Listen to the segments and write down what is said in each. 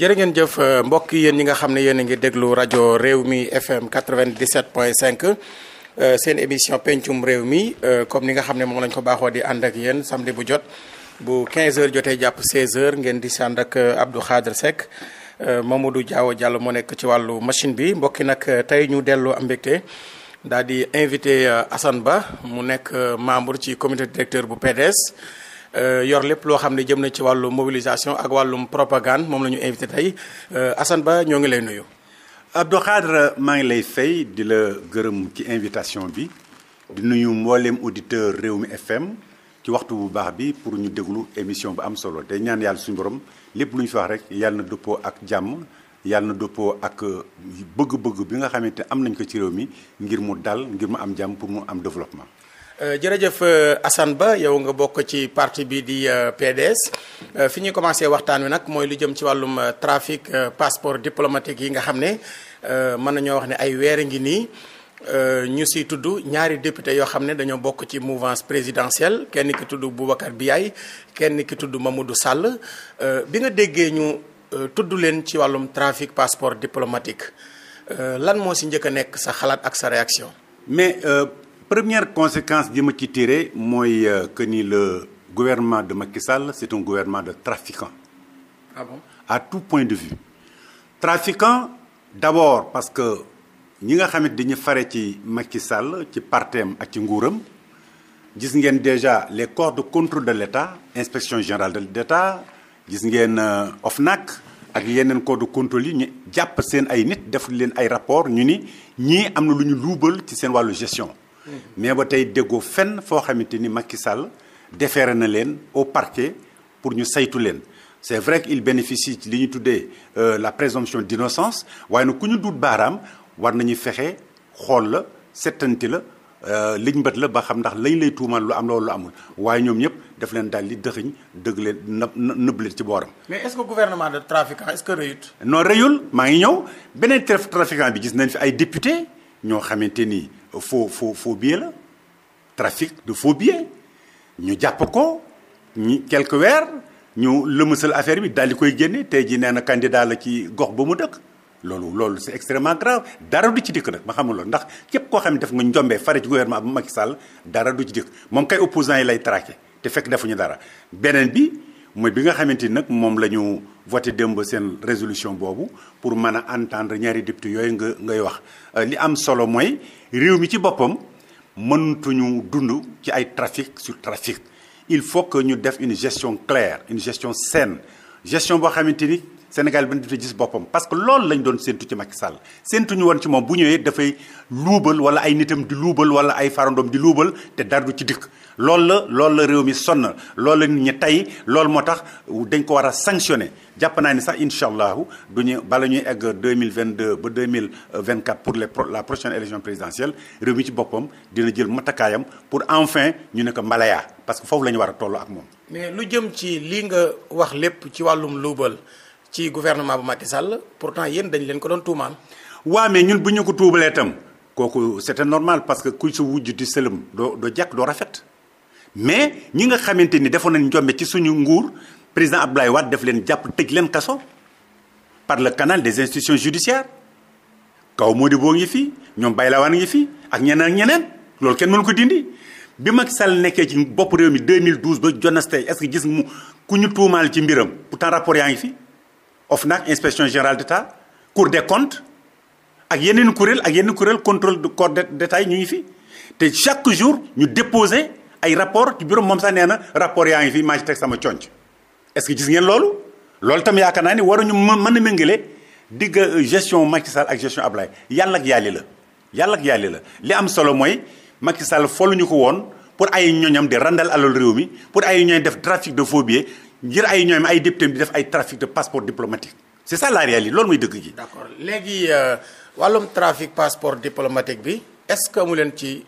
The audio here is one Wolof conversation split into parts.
jërë ngeen jëf euh, mbokk yéen ñi nga xam ne yéen a ngi déglu rajo réew mi FM 97.5 euh, seen émission pencum réew mi euh, comme ni nga xam ne moom lañ ko baaxoo di ànd ak yéen samedi bu jot bu 15h jotee jàpp 16h ngeen di si ànd ak Abdou Khadre mu du Diaw Diallo moo nekk ci wàllu machine bi mbokki nag tey ñu dellu am mbégte daal di invité Assane Ba mu nekk membre ci comité directeur bu PDS. Euh, yor lépp loo xam ne jëm na ci wàllu mobilisation ak wàllum propagande moom la ñu invité tey euh, Assane Ba ñoo ngi lay nuyu. Abdou maa ngi lay fay di la gërëm ci invitation bi di nuyu mbooleem auditeur Rewmi FM ci waxtu bu baax bi pour ñu déglu émission bu am solo te ñaan yàlla suñu borom lépp lu ñu fi wax rek yàlla na dëppoo ak jàmm yàlla na dëppoo ak euh, bëgg-bëgg bi nga xamante ne am nañ ko ci réew mi ngir mu dal ngir mu am jàmm pour mu am développement. Euh, jërëjëf euh, Assane Ba yow nga bokk ci partie bii di euh, PDS fi ñuy commencé waxtaan wi nag mooy lu jëm ci wàllum trafic passeport diplomatique yi nga xam ne mën nañoo wax ne ay weer a ngi nii ñu si tudd ñaari député yoo xam ne dañoo bokk ci mouvance présidentielle kenn ki tudd bi yaay kenn ki tudd ma Mamadou sàll bi nga déggee ñu tudd leen ci wàllum trafic passeport diplomatique lan moo si njëkk a nekk sa xalaat ak sa réaction mais. première conséquence bi ma ci tiré mooy euh, que ni le gouvernement de Macky Sall c'est un de trafiquants. ah à tout point de vue. trafiquants d'abord parce que ñi nga xamit dañu fare ci Macky Sall ci parteem ak ci nguuram gis ngeen déjà les corps de contrôle de l'État inspection générale de l'État gis ngeen euh, OFNAC ak yeneen corps de contrôle yi ñu jàpp seen ay nit def leen ay rapport ñu ni ñii am na lu ñu luubal ci seen wàllu gestion. mais ba tey déggoo fenn foo xamante ni Macky Sall déféré na leen au parquet pour ñu saytu leen c'est vrai il bénéficie ci li ñu tuddee euh, la présomption d'innocence waaye nag ku ñu duut baaraam war nañu fexe xool la settanti la euh, liñ bët la ba xam ndax lañ lay tuumaal lu am loolu lu amul waaye ñoom ñëpp def leen daal di dëxiñ dëgg leen nëb nëb leen ci booram. mais est-ce que gouvernement de trafiquant est-ce que rëyut. non rëyul maa ngi ñëw beneen trafiquant bi gis nañ fi ay député ñoo xamante ni. faux faux faux billet la trafic de faux billet ñu jàpp ko ñi quelque weer ñu lëmasal affaire bi daal di koy génne tey ji nee na candidat la ci gox ba mu dëkk loolu loolu c'est extrêmement grave dara du ci dikk nag ma xamuloo ndax képp koo xam ne def nga njombee fare ci gouvernement bu Macky Sall dara du ci dikk moom kay opposant yi lay traqué te fekk defuñu dara beneen bi mooy bi nga xamante ni nag moom la ñu voté démb seen résolution boobu pour mën a entendre ñaari député yooyu nga ngay wax euh, li am solo mooy réew mi ci boppam mëntuñu dund ci ay trafic sur trafic il faut que ñu def une gestion claire une gestion saine gestion boo xamante ni Sénégal bi dafa jis boppam parce que loolu lañ doon séntu ci mag Sall séntu ñu woon ci moom bu ñëwee dafay luubal wala ay nitam di luubal wala ay farandoom di luubal te dara ci dikk loolu la loolu la réew mi sonn loolu la nit tey loolu moo tax dañ ko war a sanctionné jàpp naa ni sax incha allahu du ñu bala ñu egg deux mille vingt deux ba deux mille vingt quatre pour les la prochaine élection présidentielle réew mi ci boppam dina jël matakaayam pour enfin ñu ne ko mbalaya parce que foofu la ñu war a toll ak moom. mais lu jëm ci lii nga wax lépp ci wàllum luubal ci gouvernement bu Macky Sall pourtant yéen dañ leen ko doon tuumaal. waaw mais ñun bu ñu ko tuubalee itam kooku c'était normal parce que ku si wujj di sëlëm doo doo jàkk rafet. mais ñi nga xamante ni defoon nañ njombe ci suñu nguur président Abdoulaye Wade def leen jàpp tëj leen kaso par le canal des institutions judiciaires kaw moo di boo ngi fi ñoom bay lawaan ngi fi ak ñeneen ñeneen lool kenn mënu ko dindi bi Macky Sall nekkee ci bopp réew mi 2012 ba jonas tey est-ce que gis mu ku ñu tuumaal ci mbiram pourtant rapport yaa ngi fii fi OFNAC inspection générale d'État cour de comptes ak yeneen kuréel ak yeneen kuréel contrôle de corps d'État ñu ngi fi te chaque jour ñu déposer ay rapport ci bureau moom sa nee na rapport yaa ngi fi maa sama conc est-ce que gis ngeen loolu loolu tam yaakaar naa ni ma mën a méngale digg gestion Macky Sall ak gestion Ablaye yàlla ak yàlli la yàlla ak yàlli la li am solo mooy Macky Sall ñu ko woon pour ay ñoñam di randal alal réew mi pour ay ñooy def trafic de faux billets ay ñooñam ay député di def ay trafic de passeport diplomatique c'est ça la réalité loolu mooy dëgg ji. d'accord léegi euh, wàllum trafic passeport diplomatique bi est-ce que amu leen ci.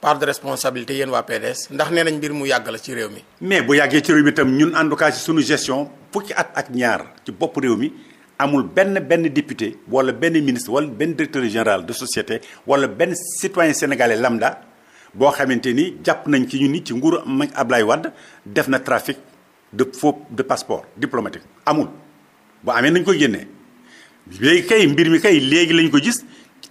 part de responsabilité yéen waa PDS ndax nee nañ mbir mu yàgg la ci réew mi. mais bu yàggee ci réew mi itam ñun en tout cas ci sunu gestion fukki at ak ñaar ci bopp réew mi amul benn benn député wala benn ministre wala benn directeur général de société wala benn citoyen sénégalais lambda boo xamante ni jàpp nañ ci ñu ni ci nguuru mag Ablaye Wade def na trafic de faux de passeport diplomatique amul. bu amee nañ ko génnee léegi kay mbir mi kay léegi lañ ko gis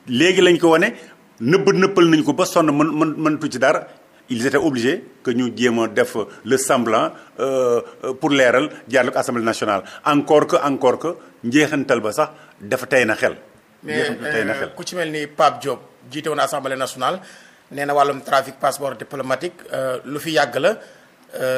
léegi lañ ko wane nëbb nëppal nañu ko ba sonn mën mën mën mënatu ci dara ils étaient obligés que ñu jéem a def le semblant euh, euh, pour leeral jaarale ko assemblée nationale encore que encore que njeexantal ba sax dafa tey na xel. mais euh, ku ci mel ni Pape Diop jiite woon assemblée nationale nee na wàllum trafic passeport diplomatique lu fi yàgg la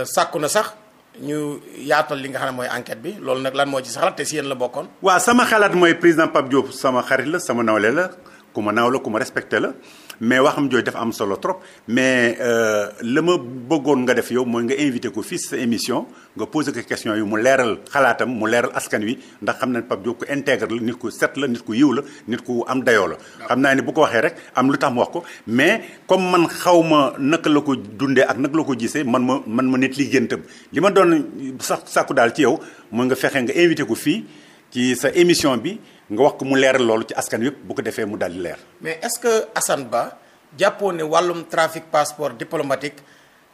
sàkku na sax. ñu yaatal li nga xam ne mooy enquête bi loolu nag lan moo ci saxalaat te si yéen la bokkoon. waa sama xalaat mooy président Pape Diop sama xarit la sama nawle la ku ma naaw la ku ma respecté la mais waxam jooju dafa am solo trop mais euh, la ma bëggoon nga def yow mooy nga invité ko fii sa émission nga posé ko question yi mu leeral xalaatam mu leeral askan wi ndax xam na Pape Diop ku intègre la nit ku set la nit ku yiw la nit ku am dayoo xam naa ni bu ko waxee rek am lu tax mu wax ko mais comme man xaw ma naka la ko dundee ak naka la ko gisee man ma man ma nit li gëntam ma doon sax sàkku daal ci yow mooy nga fexe nga invité ko fii ci sa émission bi nga wax ko mu leer loolu ci askan yëpp bu ko defee mu daal di leer. mais est-ce que Assane Ba jàppoo ne wàllum trafic passeport diplomatique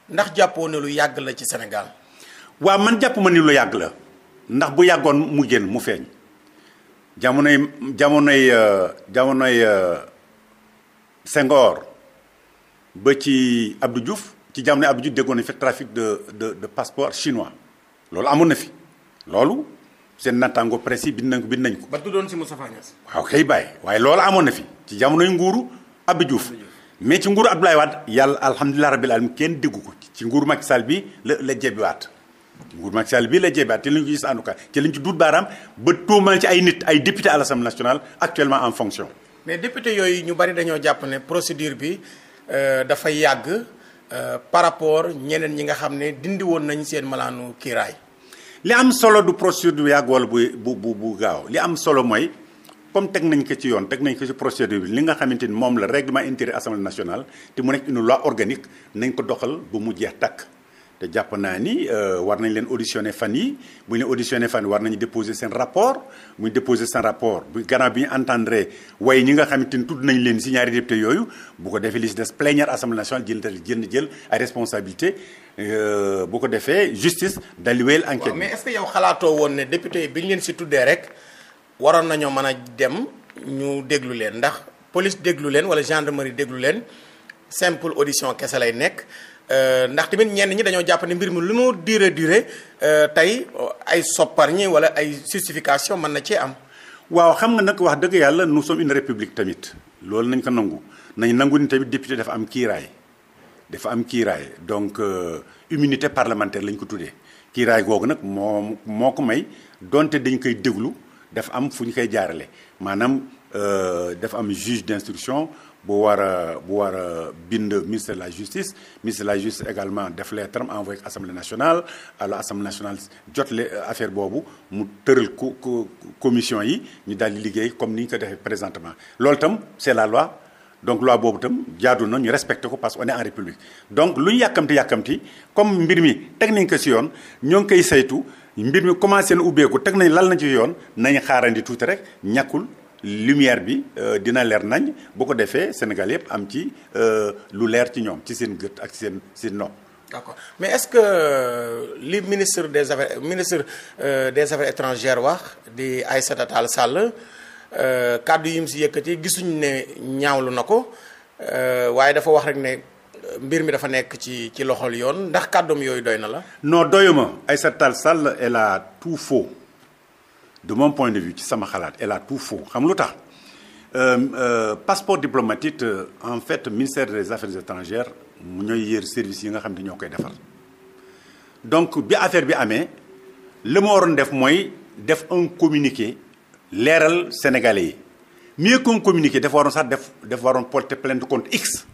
ndax jàppoo ne lu yàgg la ci senegal waa man jàpp ma ni lu yàgg la ndax bu yàggoon mu génn mu feeñ jamonoy jamonoy euh, jamonoy euh, Senghor ba ci abdu Diouf ci jamonoy Abdou Diouf déggoon nañ fi trafic de de de passeport chinois loolu amoon na fi loolu. seen nattaango presse bi bind nañ ko bind nañ ko. ba tuddoon si Moustapha Niass. waaw kay bàyyi waaye loolu amoon na fi ci jamonoy nguuru Abdou Diouf mais ci nguuru Abdoulaye Wade yàlla alhamdulilah rabbil alamin kenn diggu ko ci nguuru mag Sall bi la la jebbiwaat nguuru Macky Sall bii la jebbiwaat te li ñu ko gis en tout cas te li ñu ci duut baaraam ba tuumal ci ay nit ay député à l'Assemblée nationale actuellement en fonction. mais député yooyu ñu bari dañoo jàpp ne procédure bi euh, dafay yàgg euh, par rapport ñeneen ñi nga xam ne dindi woon nañ seen malaanu kiiraay. li am solo du procédure bu yàgg wala bu bu bu bu gaaw li am solo mooy comme teg nañ ko ci yoon teg nañ ko ci procédure bi li nga xamante ni moom la règlement intérieur assemblée nationale te mu nekk une loi organique nañ ko doxal bu mu jeex takk te jàpp naa ni euh, war nañ leen auditionner fan yi mu ñu leen auditionner fan yi war nañu déposer seen rapport bu ñu déposer seen rapport bu gannaaw bi entendre waaye ñi nga xamante ni tudd nañ leen si ñaari député yooyu bu ko defee li si des plénière assemblée nationale jël jël responsabilité Euh, bu ko defee justice dali wéyal enquête mais est-ce yow xalaatoo woon ne député bi ñu leen si tuddee rek waroon nañoo mën a dem ñu déglu leen ndax police déglu leen wala gendarmerie déglu leen simple audition kese lay nekk euh, ndax tamit ñenn ñi dañoo jàpp ne mbir mi lu mu dure duré euh, tey ay sopparñi wala ay justification mën na cee am. waaw xam nga nag wax dëgg yàlla nu sommes une république tamit loolu nañ ko nangu nañ nangu ni tamit député dafa am kiiraay. dafa am kiiraay donc euh, immunité parlementaire lañu ko tuddee kiiraay googu nag moo moo ko may donte dañu koy déglu dafa am fu ñu koy jaarale maanaam euh, dafa am juge d'instruction bu war a bu war a bind ministre la justice ministre de la justice également def lettre am envoyé assemblée nationale alors assemblée nationale jot le euh, affaire boobu mu tëral ko commission yi ñu daal di liggéey comme ni ñu ko defee présentement loolu tam c'est la loi donc loi boobu itam jaadu na ñu respecté ko parce que on est en république donc lu ñu yàkkamti yàkkamti comme mbir mi teg nañ ko si yoon ñoo ngi koy saytu mbir mi commencé na ubbeeku teg nañ lal na ci yoon nañ xaarandi tuuti rek ñàkkul lumière bi euh, dina leer nañ bu ko defee Sénégal yëpp am ci euh, lu leer ci ñoom ci seen gët ak seen seen no d'accord mais est-ce que euh, li ministre des affaires ministre des affaires étrangères wax di Aïssata Tall Sall. Euh, kàddu yi mu si yëkkati gisuñ ne ñaawlu na ko euh, waaye dafa wax rek ne euh, mbir mi dafa nekk ci ci loxol yoon ndax kàddum yooyu doy na la. noo doyu ma ay Tall Sall elle a tout faut de moom point de vue ci sama xalaat elle a tout faux xam lu tax passeport diplomatique en fait ministère des affaires étrangères mu ñooy yër service yi nga xam ne ñoo koy defar donc bi affaire bi amee li ma waroon def mooy def un communiqué. leeral sénégalais yi mieux qu'on communiqué dafa waroon sax def dafa waroon porter plainte contre x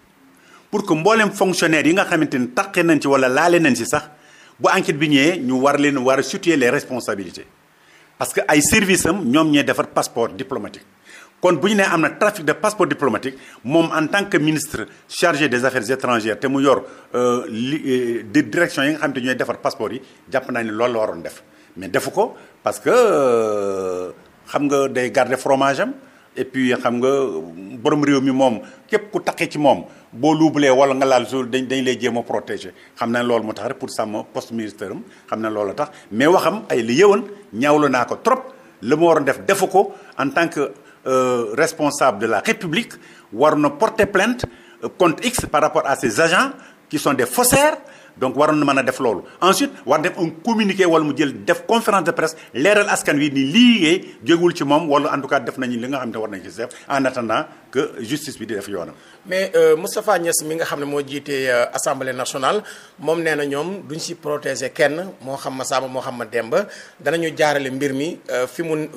pour que mboolem fonctionnaire yi nga xamante ni taqe nañ ci wala laale nañ ci sax bu enquête bi ñëwee ñu war leen war a situer les responsabilités parce que ay service am ñoom ñee defar passeport diplomatique kon bu ñu nee am na trafic de passeport diplomatique moom en tant que ministre chargé des affaires étrangères te mu yor euh, li euh, direction yi nga xam te defar passeport yi jàpp naa ne loolu waroon def mais defu ko parce que euh, xam nga day garder fromage am et puis xam nga borom réew mi moom képp ku taqee ci moom boo luubalee wala nga laal suul dañ dañ lay jéem a protéger xam na loolu moo tax rek pour sàmm poste ministère am xam na loolu tax mais waxam ay li yëwan ñaawlu naa ko trop la ma waroon def defu ko en tant que euh, responsable de la république war na porter plainte euh, contre X par rapport à ses agents qui son des faussaires donc waroon na mën a def loolu ensuite war def un communiqué wala mu jël def conférence de presse leeral askan wi ni lii jógul ci moom wala en tout cas def nañu li nga xam ne war nañu ci def en attendant que justice bi di yoonam. mais euh, Moustapha mi nga xam ne moo jiitee euh, assemblée nationale moom nee na ñoom duñ si protéger kenn moo xam ma Samba moo xam ma Demba danañu jaarale mbir mi euh, fi mu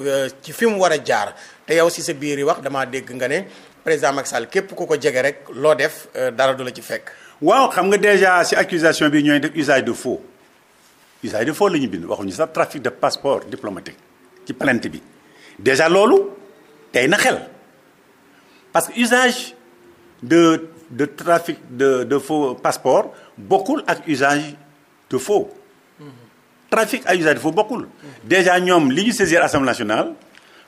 ci fi mu war a jaar te yow si sa biir yi wax damaa dégg nga ne président Macky Sall képp ku ko jege rek loo def dara du la ci fekk. waaw xam nga déjà si accusation bi ñooy def usage de faux usage de faux la ñu bind waxuñu sax trafic de passeport diplomatique ci plainte bi déjà loolu tey na xel parce que usage de de de de faux passeport bokkul ak usage de faux. Mm-hmm. trafic ak usage de faux bokkul. Mm-hmm. déjà ñoom li ñu saisir assemblée national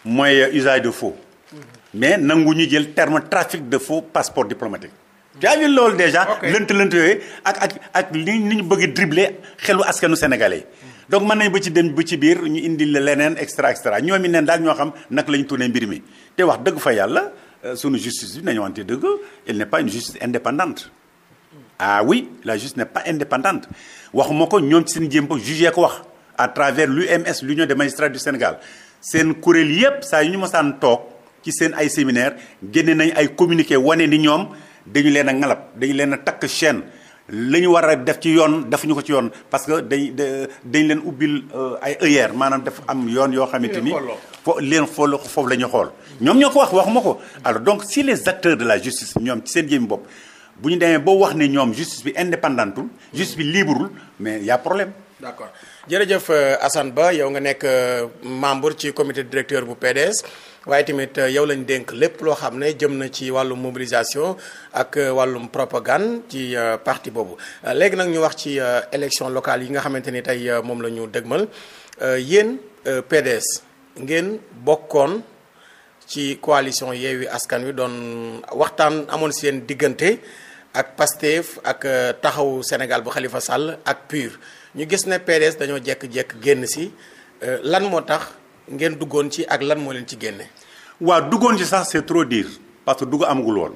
mooy usage de faux. Mm-hmm. mais nangu ñu jël terme trafic de faux passeport diplomatique. yaa ngi loolu déjà. lënt lënt yooyu ak ak ak li ñu bëgg a xelu askanu sénégalais. Hmm. donc mën nañ ba ci dem ba ci biir ñu indi leneen extra extra ñoom ñu neen daal ñoo xam naka la ñu mbir mi te wax dëgg fa yàlla euh, sunu justice bi nañu wante dëgg elle n'est pas une justice indépendante. Hmm. ah oui la justice n'est pas indépendante waxuma ko ñoom ci seen jéem ba ko wax à travers l'UMS l'union des magistrats du Sénégal seen kuréel yépp saa yu ñu mosaan toog ci seen ay séminaire génne nañ ay communiqué wane ni ñoom. dañu leen a ngalab dañu leen a takk chaîne li ñu war a def ci yoon defuñu ko ci yoon parce que dañ dañ leen ubbil euh, ay œillères maanaam def am yoon yoo xamante ni fo leen fool foofu la ñu xool ñoom ñoo ko wax waxuma ko alors donc si les acteurs de la justice ñoom ci seen jëmmi bopp bu ñu demee boo wax ni ñoom justice bi indépendantul justice bi libreul mais y problème d'accord jërëjëf euh, assan Ba yow nga nekk euh, membre ci comité directeur bu PDS waaye tamit euh, yow lañ dénk lépp loo xam ne jëm na ci wàllum mobilisation ak euh, wàllum propagande ci euh, parti boobu léegi nag ñu wax ci élection locale yi nga xamante ni tey moom la ñu dëgmal yéen PDS ngeen bokkoon ci coalition Yewwi Askan Wi doon waxtaan amoon seen diggante ak Pastef ak taxawu Sénégal bu Khalifa Sall ak PUR ñu gis ne PDS dañoo jekk-jekk génn si lan moo tax ngeen duggoon ci ak lan moo leen ci génne. waa duggoon ci sax c'est trop dire parce que dugg amagul woon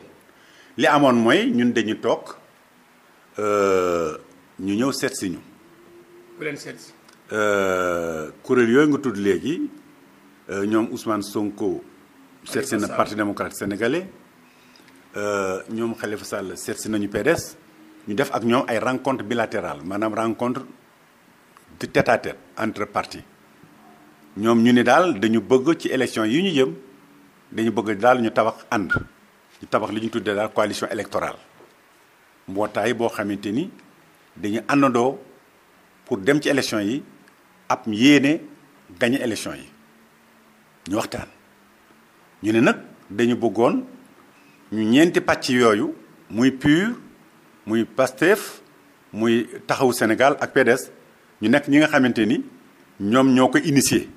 li amoon mooy ñun dañu toog euh, ñu ñëw seet si ñu. ku leen seet si. Euh, kuréel yooyu nga tudd léegi euh, ñoom Ousmane Sonko. seet si na parti démocrate sénégalais ñoom Khalifa Sall seet si nañu PDS ñu def ak ñoom ay rencontre bilatérale maanaam rencontre de tête à tête entre partis. ñoom ñu ne daal dañu bëgg ci élection yi ñu jëm dañu bëgg daal ñu tabax ànd ñu tabax li ñu tuddee daal coalition électorale mbootaay boo xamante ni dañu àndandoo pour dem ci élection yi ab yéene gañe élection yi ñu waxtaan ñu ne nag dañu bëggoon ñu ñeenti pàcc yooyu muy PUR muy PASTEF muy taxawu Sénégal ak pedes ñu nekk ñi nga xamante ni ñoom ñoo ko initié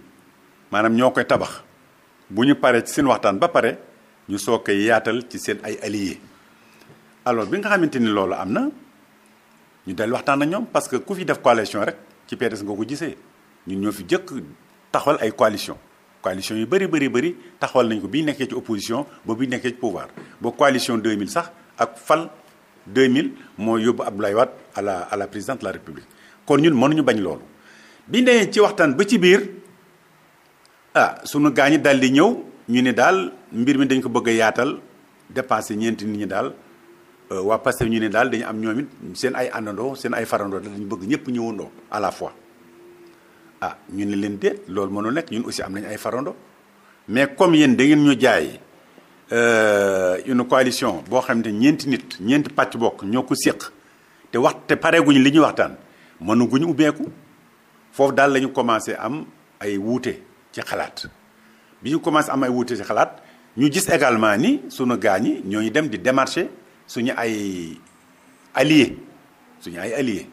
maanaam ñoo koy tabax bu ñu paree ci seen waxtaan ba pare ñu soog koy yaatal ci seen ay alliés alors bi nga xamante ni loolu am na ñu dellu waxtaan ak ñoom parce que ku fi def coalition rek ci PDS nga ko gisee ñun ñoo fi jëkk taxawal ay coalition coalition yi bëri bëri bëri taxawal nañ ko bi nekkee ci opposition ba bi nekkee ci pouvoir ba coalition mille sax ak fal mille moo yóbbu Abdoulaye Wade à la à la présidence de la République kon ñun mënuñu bañ loolu bi nee ba ci biir ah sunu gaañi daal di ñëw ñu ni daal mbir mi dañ ko bëgg a yaatal dépassé ñeenti nit ñi daal euh, waa Pastef ñu ne daal dañu am ñoom it seen ay àndandoo seen ay farandoo dañu bëgg ñëpp ñëwandoo à la fois ah ñu ni leen déet loolu mënul nekk ñun aussi am nañu ay farandoo mais comme yéen da ngeen ñu jaay euh, une coalition boo xam ne ñeenti nit ñeenti pàcc bokk ñoo ko séq te wax te pareeguñu li ñuy waxtaan mënuguñu ubbeeku foofu daal lañu ñu commencé am ay wuute. ci xalaat bi ñu commencé am ay wuute ci xalaat ñu gis également ni sunu gaa ñi ñooñu dem di démarcher suñu ay alliés suñu ay alliés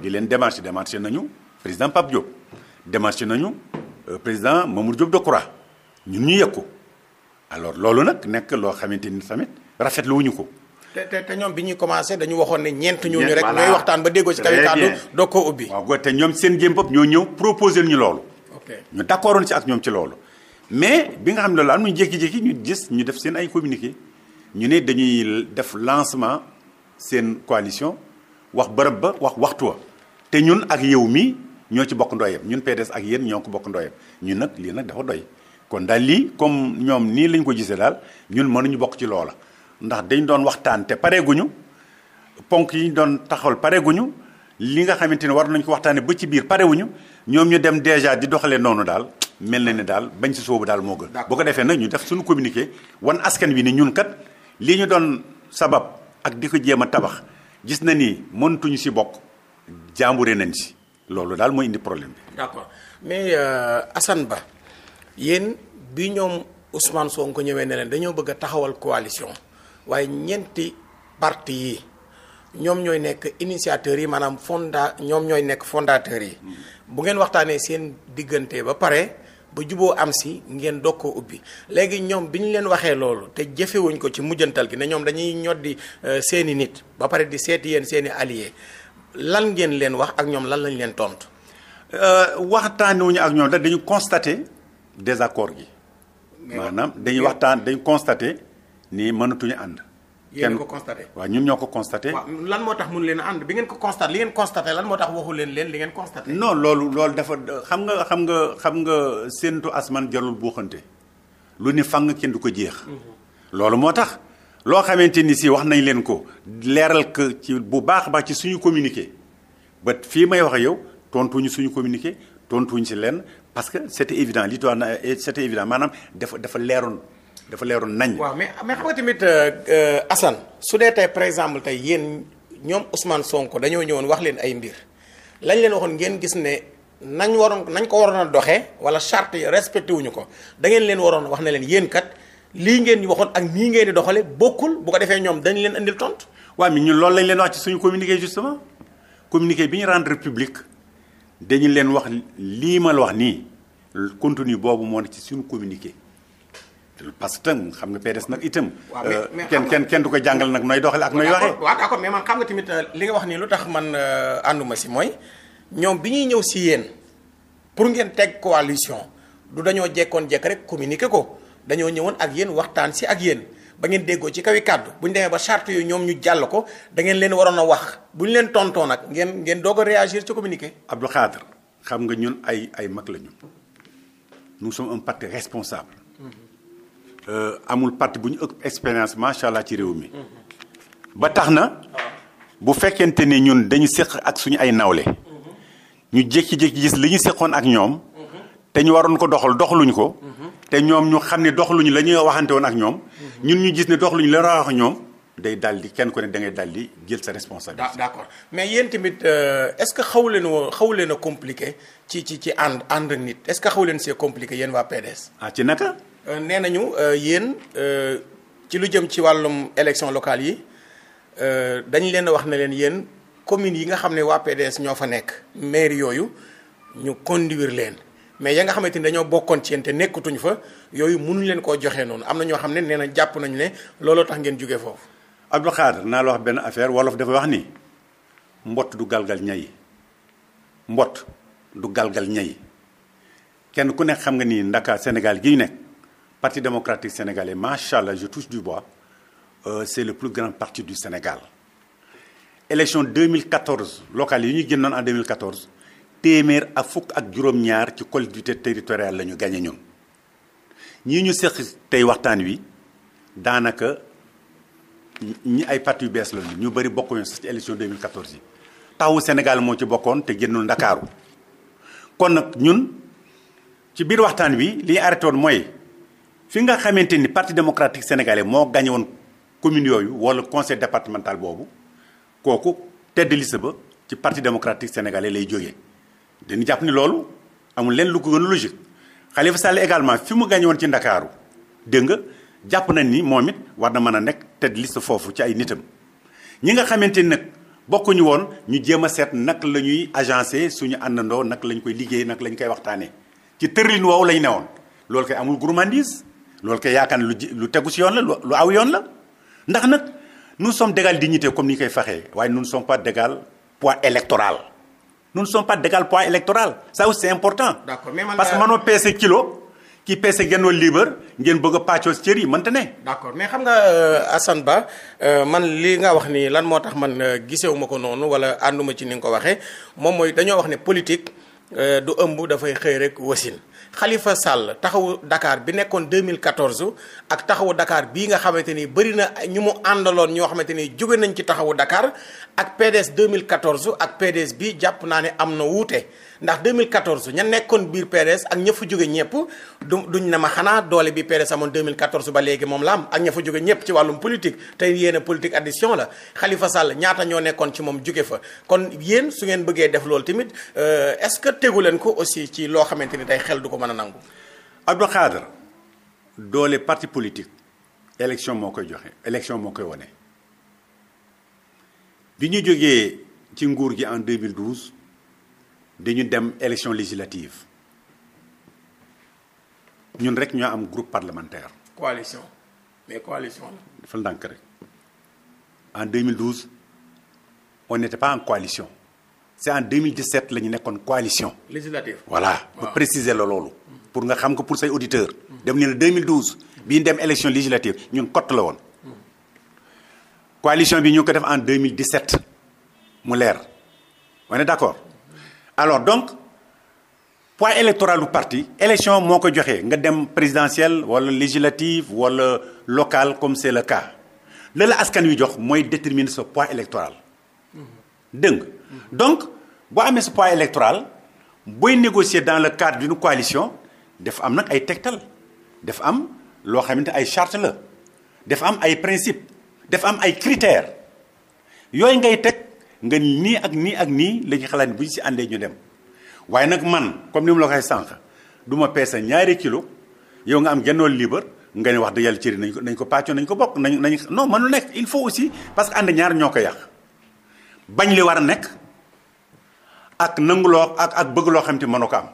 di leen démarcher démarcher nañu président Pape Diop démarcher nañu euh, président Mamour Diop Decroix ñun ñu yëg ko alors loolu nag nekk loo xamante ni tamit rafetlu ñu ko. te te te ñoom bi ñuy commencé dañu waxoon ne ñeent ñooñu rek. ñooy waxtaan ba déggoo ci kaw kàddu doo ko ubbi. waaw te ñoom seen jéem bopp ñoo ñëw proposé ñu loolu. ñu d'accord woon ci ak ñoom ci loolu. mais bi nga xam ne loolu am nañu jékki-jékki ñu gis ñu def seen ay communiqué ñu ne dañuy def lancement seen coalition wax bërëb ba wax waxtu wa te ñun ak yow mii ñoo ci bokk ndooyam ñun PDS ak yéen ñoo ko bokk ndooyam ñun nag lii nag dafa doy kon daal lii comme ñoom nii lañ ko gisee daal ñun mënuñu bokk ci loola ndax dañ doon waxtaan te pareeguñu ponk yi ñu doon taxawal pareeguñu li nga xamante ne war nañ ko waxtaanee ba ci biir parewuñu ñoom ñu dem déjà di doxalee noonu daal mel na ne daal bañ si soobu daal moo gën. boo ko defee nag ñu def suñu communiqué wan askan wi ni ñun kat li ñu doon sabab ak di ko jéem a tabax gis na ni mëntuñu si bokk jàmbure nañ ci loolu daal mooy indi problème bi. d'accord mais euh, Assane Ba yéen bi ñoom Ousmane Sonko ñëwee ne leen dañoo bëgg a taxawal coalition waaye ñeenti parti yi ñoom ñooy nekk initiateurs yi maanaam fonda ñoom ñooy nekk fondateurs yi. Mm-hmm. bu ngeen waxtaanee seen diggante ba pare ba juboo am si ngeen dog ko ubbi léegi ñoom bi ñu leen waxee loolu te jëfewuñ ko ci mujjantal gi ne ñoom dañuy ñoddi euh, seeni nit ba pare di seeti yéen seeni alliés lan ngeen leen wax ak ñoom lan lañ leen tontu. Euh, waxtaanewuñu ak ñoom dañu constaté désaccord gi. maanaam dañuy waxtaan dañu constaté ni mënatuñu ànd. yéen ko constaté waaw ñun ñoo ko constaté lan moo tax mun leen ànd bi ngeen ko constaté li ngeen constaté lan moo tax waxu leen leen li ngeen constaté non loolu loolu dafa xam nga xam nga xam nga séentu asman jarul buuxante lu ni fang kenn du ko jeex mhm. loolu moo tax loo xamante ni si wax nañ leen ko leeral ko ci bu baax baax ci suñu communiqué ba fii may wax yow tontuñu suñu communiqué tontuñu si lenn parce que c'était évident li tuwaa na c'était maanaam dafa dafa leeroon dafa leeru nañ. waaw mais mais xam nga tamit euh, euh, Assane su dee tey par exemple tey yéen ñoom Ousmane Sonko dañoo ñëwoon wax leen ay mbir lañ leen waxoon ngeen gis ne nañ waroon nañ ko waroon a doxee wala chart yi respecté wuñu ko da ngeen leen waroon wax ne leen yéen lii ngeen ñu waxoon ak nii ngeen di doxale bokkul bu ko defee ñoom dañ leen indil tontu. waaw mais ñun loolu lañ leen wax ci suñu communiqué justement communiqué bi ñu rendre public dañu leen wax lii ma la wax nii contenu boobu moo ne ci suñu communiqué parce que tam xam nga PDS nag itam. waaw mais euh, kenn kenn kenn du ko jàngal nag nooy doxale ak nooy waxee. waaw d'accord mais man xam nga tamit euh, li nga wax nii lu tax man euh, ànduma si mooy ñoom bi ñuy ñëw si yéen pour ngeen teg coalition du dañoo jekkoon jekk rek communiquer ko dañoo ñëwoon ak yéen waxtaan si ak yéen. ba ngeen déggoo ci kawi kàddu bu ñu demee ba charte yooyu ñoom ñu jàll ko da ngeen leen waroon a wax bu ñu leen tontoo nag ngeen ngeen doog réagir ci communiqué. Abdou Khadre xam nga ñun ay ay mag la un parti responsable. Euh, amul parti bu ñu ëpp expérience macha allah ci réew mi. ba tax na bu fekkente ne ñun dañu séq ak suñu ay nawle. ñu jékki-jékki gis li ñu séqoon ak ñoom. te ñu waroon ko doxal doxaluñ ko. te ñoom ñu xam ne doxaluñ la ñuy waxante woon ak ñoom. ñun ñu gis ne doxaluñ la wax ak ñoom. day daal di kenn ku ne da ngay daal di jël sa responsabilité. d'accord mais yéen tamit euh, est-ce que xaw leen woo xaw leen a compliqué ci ci ci ànd ànd nit est-ce que xaw leen c'est compliqué yéen waa PDS. ah ci naka. Euh, nee nañu euh, yéen euh, ci lu jëm ci wàllum élection locale yi dañ leen wax ne leen yéen communes yi nga xam ne waa ñoo fa nekk maire yooyu ñu conduire leen mais ya nga xamante ni dañoo bokkoon ci yéen te nekkutuñ fa yooyu mënuñ leen koo joxe noonu am na ñoo xam ne nee na jàpp nañu ne looloo tax ngeen jóge foofu. Abdou Khadre naa la wax benn affaire wolof dafa wax ni mbott du galgal ñay mbott du galgal ñay kenn ku nekk xam nga nii ndaka Sénégal gi ñu nekk. Parti démocratique sénégalais macha allah je touche du bois euh, est le plus grand parti du Sénégal. élection 2014 locales yi ñu génnoon en 2014 téeméer ak fukk ak juróom-ñaar ci collectivité territoriale lañu ñu gagné ñun ñii ñu seq tey waxtaan wi daanaka ñi ay parti yu bees la ñu bëri bokkuñu sax ci élection 2014 yi. taxawu Sénégal moo ci bokkoon te génnul Ndakaaru kon nag ñun ci biir waxtaan wi li ñu mooy fi nga xamante ni parti démocratique sénégalais moo gagné woon commune yooyu wala conseil départemental boobu kooku tête de liste ba ci parti démocratique sénégalais lay jógee. dañu jàpp ni loolu amul leen lu ko gën a logique Khalifa Sall également fi mu gagné woon ci ndakaaru dégg nga jàpp nañ ni moom it war na mën a nekk tête de liste foofu ci ay nitam ñi nga xamante ni nag bokkuñu woon ñu jéem a seet nag la ñuy agencé suñu àndandoo nag lañ koy liggéey nag lañ koy waxtaanee ci tërlin woowu lañ newoon loolu kay amul loolu kay yaakaar lu lu tegu si yoon la lu aw yoon la ndax nag nous sommes d'égale dignité comme ni koy faxee waaye nous ne sommes pas d'égal poids électoral nous ne sommes pas d'égal poids électoral ça aussi c'est important. d'accord mais man parce que mënoo peese kilo. ki peese gennoo liibar ngeen bëgg a pàccoo cër yi mënta ne. d'accord mais xam nga euh, assan Ba euh, man li nga wax nii lan moo tax man euh, gisewu ma ko noonu wala ànduma ci ni nga ko waxee moom mooy dañoo wax ne politique du ëmb dafay xëy rek wasin Khalifa Sall taxawu Dakar bi nekkoon 2014 ak taxawu Dakar bii nga xamante ni bëri na ñu mu àndaloon ñoo xamante ni jóge nañ ci taxawu Dakar ak PDS 2014 ak PDS bi jàpp naa ne am na wuute. ndax 2014 ña nekkoon biir PDS ak ña fa jóge ñëpp du duñ na ma xanaa doole bi PDS amoon 2014 ba léegi moom la am ak ña fa jóge ñëpp ci wàllum politique tey yéen a politique addition la xalifa Sall ñaata ñoo nekkoon ci moom jóge fa kon yéen su ngeen bëggee def loolu tamit euh, est-ce que tegu leen ko aussi ci loo xamante ni tey xel du ko mën a nangu. Abdou Khadre doole parti politique élection moo koy joxe élection moo koy wane bi ñu jógee ci nguur gi en 2012. dañu dem élection législative ñun rek ñoo am groupe parlementaire. coalition mais coalition la. dafa ndànk rek en 2012 on n'était pas en coalition c'est en 2017 la ñu nekkoon coalition. législative voilà. ma préciser la loolu. pour nga xam ko pour say auditeurs. dem ni la 2012. bi ñu dem élection législative ñun kott la woon. coalition bi ñu ko def en 2017 mu leer on est d'accord. alors donc poids électoral lu parti élection moo ko joxee nga dem présidentielle wala législative wala locale comme c'est le cas la la askan wi jox mooy déterminer sa poids électoral dégg nga donc boo amee sa poids électoral booy négocier dans le cadre d'une coalition dafa am nag ay tegtal dafa am loo xamante ay charte la dafa am ay principe dafa am ay critères yooyu ngay teg nga nii ak nii ak nii la ñu xalaat bu ñu si àndee ñu dem waaye nag man comme ni mu la koy sànq du ma peese ñaari kilo yow nga am gennool liibar nga ne wax dëgg yàlla cëri nañ ko nañ ko pàccoo nañ ko bokk nañ nañ non mënu nekk il faut aussi parce que ànd ñaar ñoo ko yàq bañ li war a nekk ak nanguloo ak ak bëgg loo xam te mënu ko am.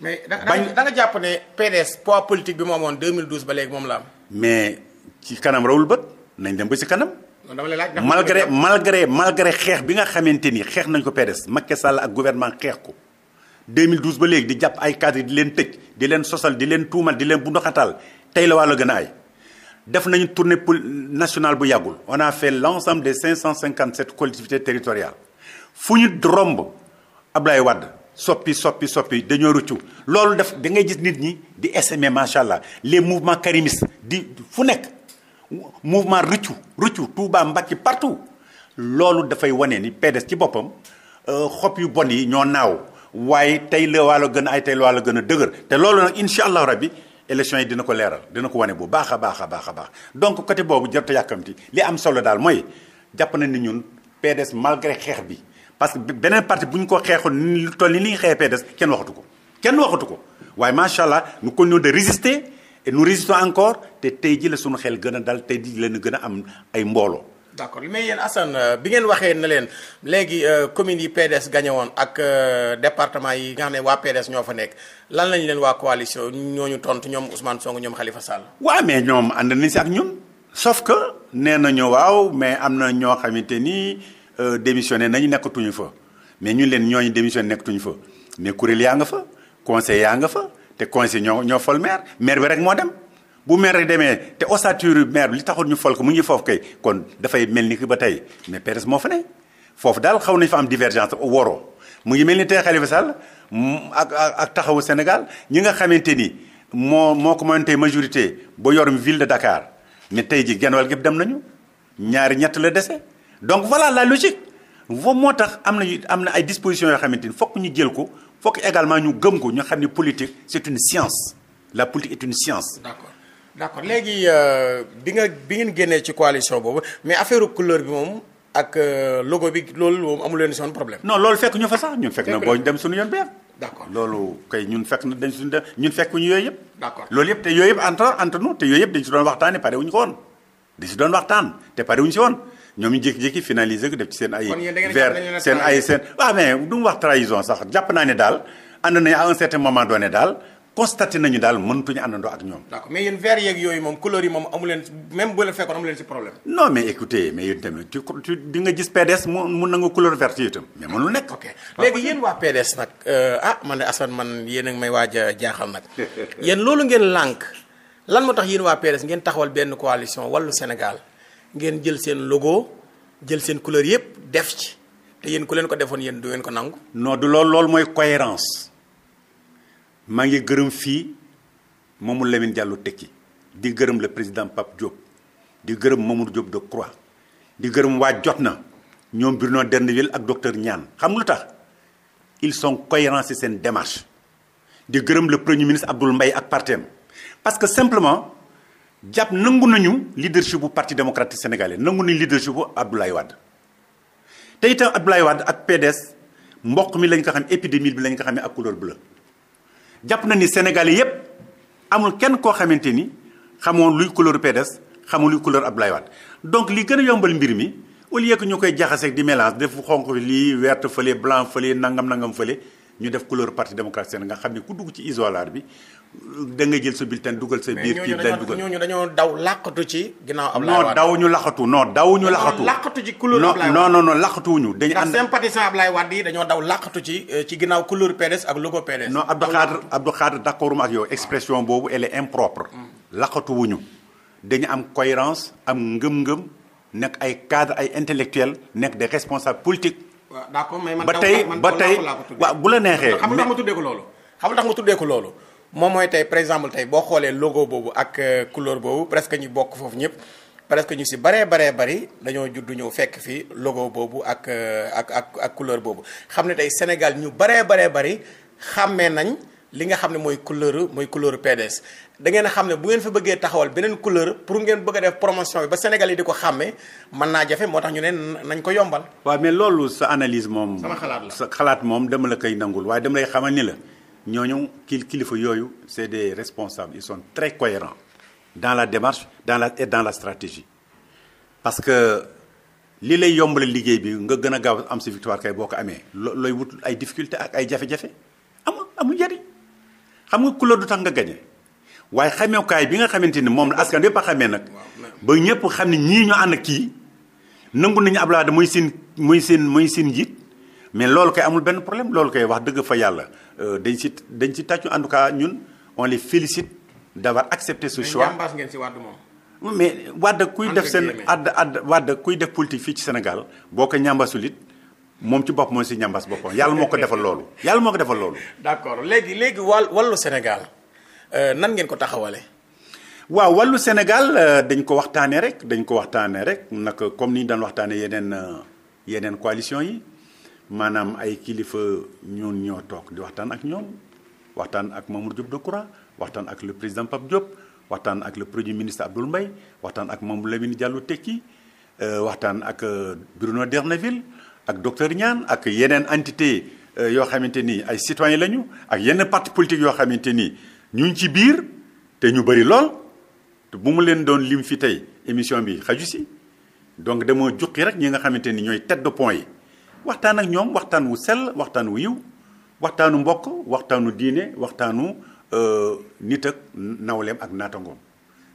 mais da nga jàpp ne PDS poids politique bi mu amoon 2012 ba léegi moom la am. mais ci kanam rawul bët nañ dem ba ci kanam. malgré malgré malgré xeex bi nga xamante ni xeex nañ ko PDS Macky Sall ak gouvernement xeex ko 2012 ba léegi di jàpp ay cadre di leen tëj di leen sosal di leen tuumal di leen bu ndoxataal tey la waa la gën a ay def nañu tournée pour nationale bu yàggul on a fait l'ensemble des 557 collectivités territoriales fu ñu romb Ablaye Wade soppi soppi soppi dañoo rëccu loolu def da ngay gis nit ñi di SME macha allah les mouvements karimistes di fu nekk. mouvement rëccu rëccu Touba Mbacké partout loolu dafay wane ni PDS ci boppam euh, xob yu bon yi ñoo naaw waaye tey la waa gën ay tey la waa gën a dëgër te loolu nag incha allah rabbi élection yi dina ko leeral dina ko wane bu baax a baax a baax a baax donc côté boobu jot jarta yàkkamti li am solo daal mooy jàpp na ni ñun PDS malgré xeex bi parce que beneen parti bu ñu ko xeexoon ni lu toll ni li ñu xeexee kenn waxatu ko kenn waxatu ko waaye macha allah nous continuons et nous encore te tey ji la suñu xel gën a dal tey ji leen gën a am ay mbooloo. d' accord mais yéen Assane euh, bi ngeen waxee na leen léegi euh, commune yi PDS gagné woon ak euh, département yi nga xam ne waa PDS ñoo fa nekk lan lañ leen waa coalition ñooñu tontu ñoom Ousmane Sonko ñoom Khalifa Sall. waa mais ñoom ànd nañ si ak ñun sauf que nee nañu waaw mais am na ñoo xamante ni démissionné nañu nekkatuñu fa mais ñun leen ñooñu démissionné nekkatuñu fa mais kuréel yaa nga fa conseil yaa nga fa. te conseil ñoo fol maire maire bi rek moo dem bu maire rek demee te yu maire bi li taxul ñu fol ko mu ngi foofu kay kon dafay mel ni ki ba tey mais Pérez moo fa ne foofu daal xaw nañ fa am divergence woro mu ngi mel ni tey Khalifa Sall ak ak taxawu Sénégal ñi nga xamante ni moo moo ko mënatee majorité boo yorum ville de Dakar mais tey ji genn wàll gépp dem nañu ñaari ñett la dese donc voilà la logique foofu moo tax am na am na ay dispositions yoo xamante ni fokk ñu jël ko fokk également ñu gëm ko ñu xam ni politique c'est une science la politique est une science. d'accord léegi euh, bi nga bi ngeen génnee ci coalition boobu mais affaire couleur bi moom. ak euh, logo bi loolu moom amul leen son problème. non loolu fekk ñu fa sax ñun fekk na boo ñu dem suñu yoon bi d'accord loolu kay ñun fekk na dañ suñu dem ñun fekk yooyu yëpp. loolu yëpp te yooyu yëpp entre entre nous te yooyu yëpp dañ si doon waxtaanee pare wuñu ko woon. di si doon waxtaan te pare wuñ si woon ñoom ñu jékki-jékki finaliser ko def ci seen ay. vers seen ay seen. waaw mais du mu wax trahison sax jàpp naa ne daal ànd nañu à un certain moment donné daal. constaté nañu daal mëntuñu àndandoo ak ñoom. d'accord mais yéen verre yeeg yooyu moom couleur yi moom amu leen même bu leen fekkoon amu leen ci problème. non mais écoutez mais yéen tamit ci di nga gis PDS mu mun na nga couleur verte yi itam mais mënul nekk. ok léegi yéen waa PDS nag euh, ah man de Assane man yéen a ngi may waaj a jaaxal yéen loolu ngeen lànk. lan moo tax yéen waa PDS ngeen taxawal benn coalition wàllu Sénégal ngeen jël seen logo jël seen couleur yëpp def ci te yéen ku leen ko defoon yéen du ngeen ko nangu. noo du lool loolu mooy cohérence maa ngi gërëm fii Mamadou Lamine Diallo Tekki di gërëm le président Pape Diop di gërëm Mamadou Diop de Croix di gërëm waa jot na ñoom Bruno Derneville ak docteur ñaan xam lu tax ils sont cohérents ci seen démarche di gërëm le premier ministre Abdoul Mbaye ak partem parce que simplement jàpp nangu nañu leadership bu parti démocratique sénégalais nangu nañu leadership bu Abdoulaye Wade te itam Abdoulaye Wade ak PDS mboq mi lañ ko xam épidémie bi lañ ko xamee ak couleur bleue jàpp na ni sénégalais yépp amul kenn koo xamante ni xamoon luy couleur PDS xamul luy couleur Abdoulaye Wade donc li gën a yombal mbir mi au lieu que ñu koy jaxaseeg di mélange def xonq lii vert fële blanc fële nangam nangam fële ñu def couleur parti démocratique nga xam ne ku dugg ci isoloir bi da nga jël sa bulletin dugal sa biir. kii dañ dugal ñooñu dañoo daw làqatu ci. ginnaaw Ablaye Wade non daw ñu làqatu noo daw ñu làqatu. làqatu ci couleur Ablaye Wade non non non làqatuwuñu. dañu ànd ndax sympathisant Ablaye Wade yi dañoo daw làqatu ci euh, ci ginnaaw couleur PDS ak logo PDS. non Abdou Khadre Abdou Khadre d'accorduma ak yow ah. expression boobu elle est impropre. Mm. ñu dañu am cohérence am ngëm-ngëm nekk ay cadre ay intellectuel nekk des responsables politiques. waaw d'accord mais man ba tey ba tey waaw bu la neexee. xam na tax nga tuddee ko loolu. xam nga tax nga moom mooy tey par exemple tey boo xoolee logo boobu ak euh, couleur boobu presque ñu bokk foofu ñëpp presque ñu si baree baree bari dañoo judd ñëw fekk fi logo boobu ak euh, ak ak ak couleur boobu xam ne tey Sénégal ñu baree baree bari xàmmee nañ li nga xam ne mooy couleur mooy couleur PDS da ngeen a xam ne bu ngeen fa bëggee taxawal beneen couleur pour ngeen bëgg def promotion bi ba Sénégal yi di ko xàmmee mën naa jafe moo tax ñu ne nañ ko yombal. waaw mais loolu sa moom. sama xalaat la xalaat moom dama la koy nangul waaye dama lay xamal ni la. ñooñu kilifa yooyu c'est des responsables ils sont très cohérents dans la démarche dans la et dans la stratégie parce que li lay yombale liggéey bi nga gën a gaaw am sa victoire kay boo ko amee looy wut ay difficulté ak ay jafe-jafe amu amu njariñ xam nga couleur du tax nga gañe waaye xameekaay bi nga xamante ni moom la askan yëpp a xamee nag ba ñëpp xam ne ñii ñu ànd kii nangu nañu Abdoulaye muy seen muy seen muy seen njiit mais loolu koy amul benn problème loolu koy wax dëgg fa yàlla euh, dañ si dañ si tàccu en tout cas ñun on les félicite d'avoir accepté ce choix ngeen si Wade moom. mais Wade kuy def seen add add Wade kuy def politique fii ci Sénégal boo ko ñàmbasul it moom ci bopp mooy si ñàmbas boppam yàlla moo ko defal loolu. yàlla moo ko defal loolu. d'accord léegi léegi wall wallu Sénégal euh, nan ngeen ko taxawale waaw wàllu Sénégal euh, dañ ko waxtaanee rek dañ ko waxtaanee rek nag comme ni ñu daan waxtaanee yeneen yeneen coalition yi. maanaam ay kilifa ñoon ñoo toog di waxtaan ak ñoom waxtaan ak Mamour de courant waxtaan ak le président Pape Diop waxtaan ak le premier ministre mbay waxtaan ak Mamadou Lamine Diallo Tekki euh, waxtaan ak euh, Bruno D'Erneville ak docteur Niane ak yeneen entité euh, yoo xamante ni ay citoyens lañu ak yenn parti politique yoo xamante ni ñu ngi ci biir te ñu bëri lool te bu mu leen doon lim fi tey émission bi xaju si donc dama juqi rek ñi nga xamante ni ñooy tête de pont yi. waxtaan ak ñoom waxtaan wu sell waxtaan wu yiw waxtaanu mbokk waxtaanu diine waxtaanu euh, nit ak nawleem ak naatangoom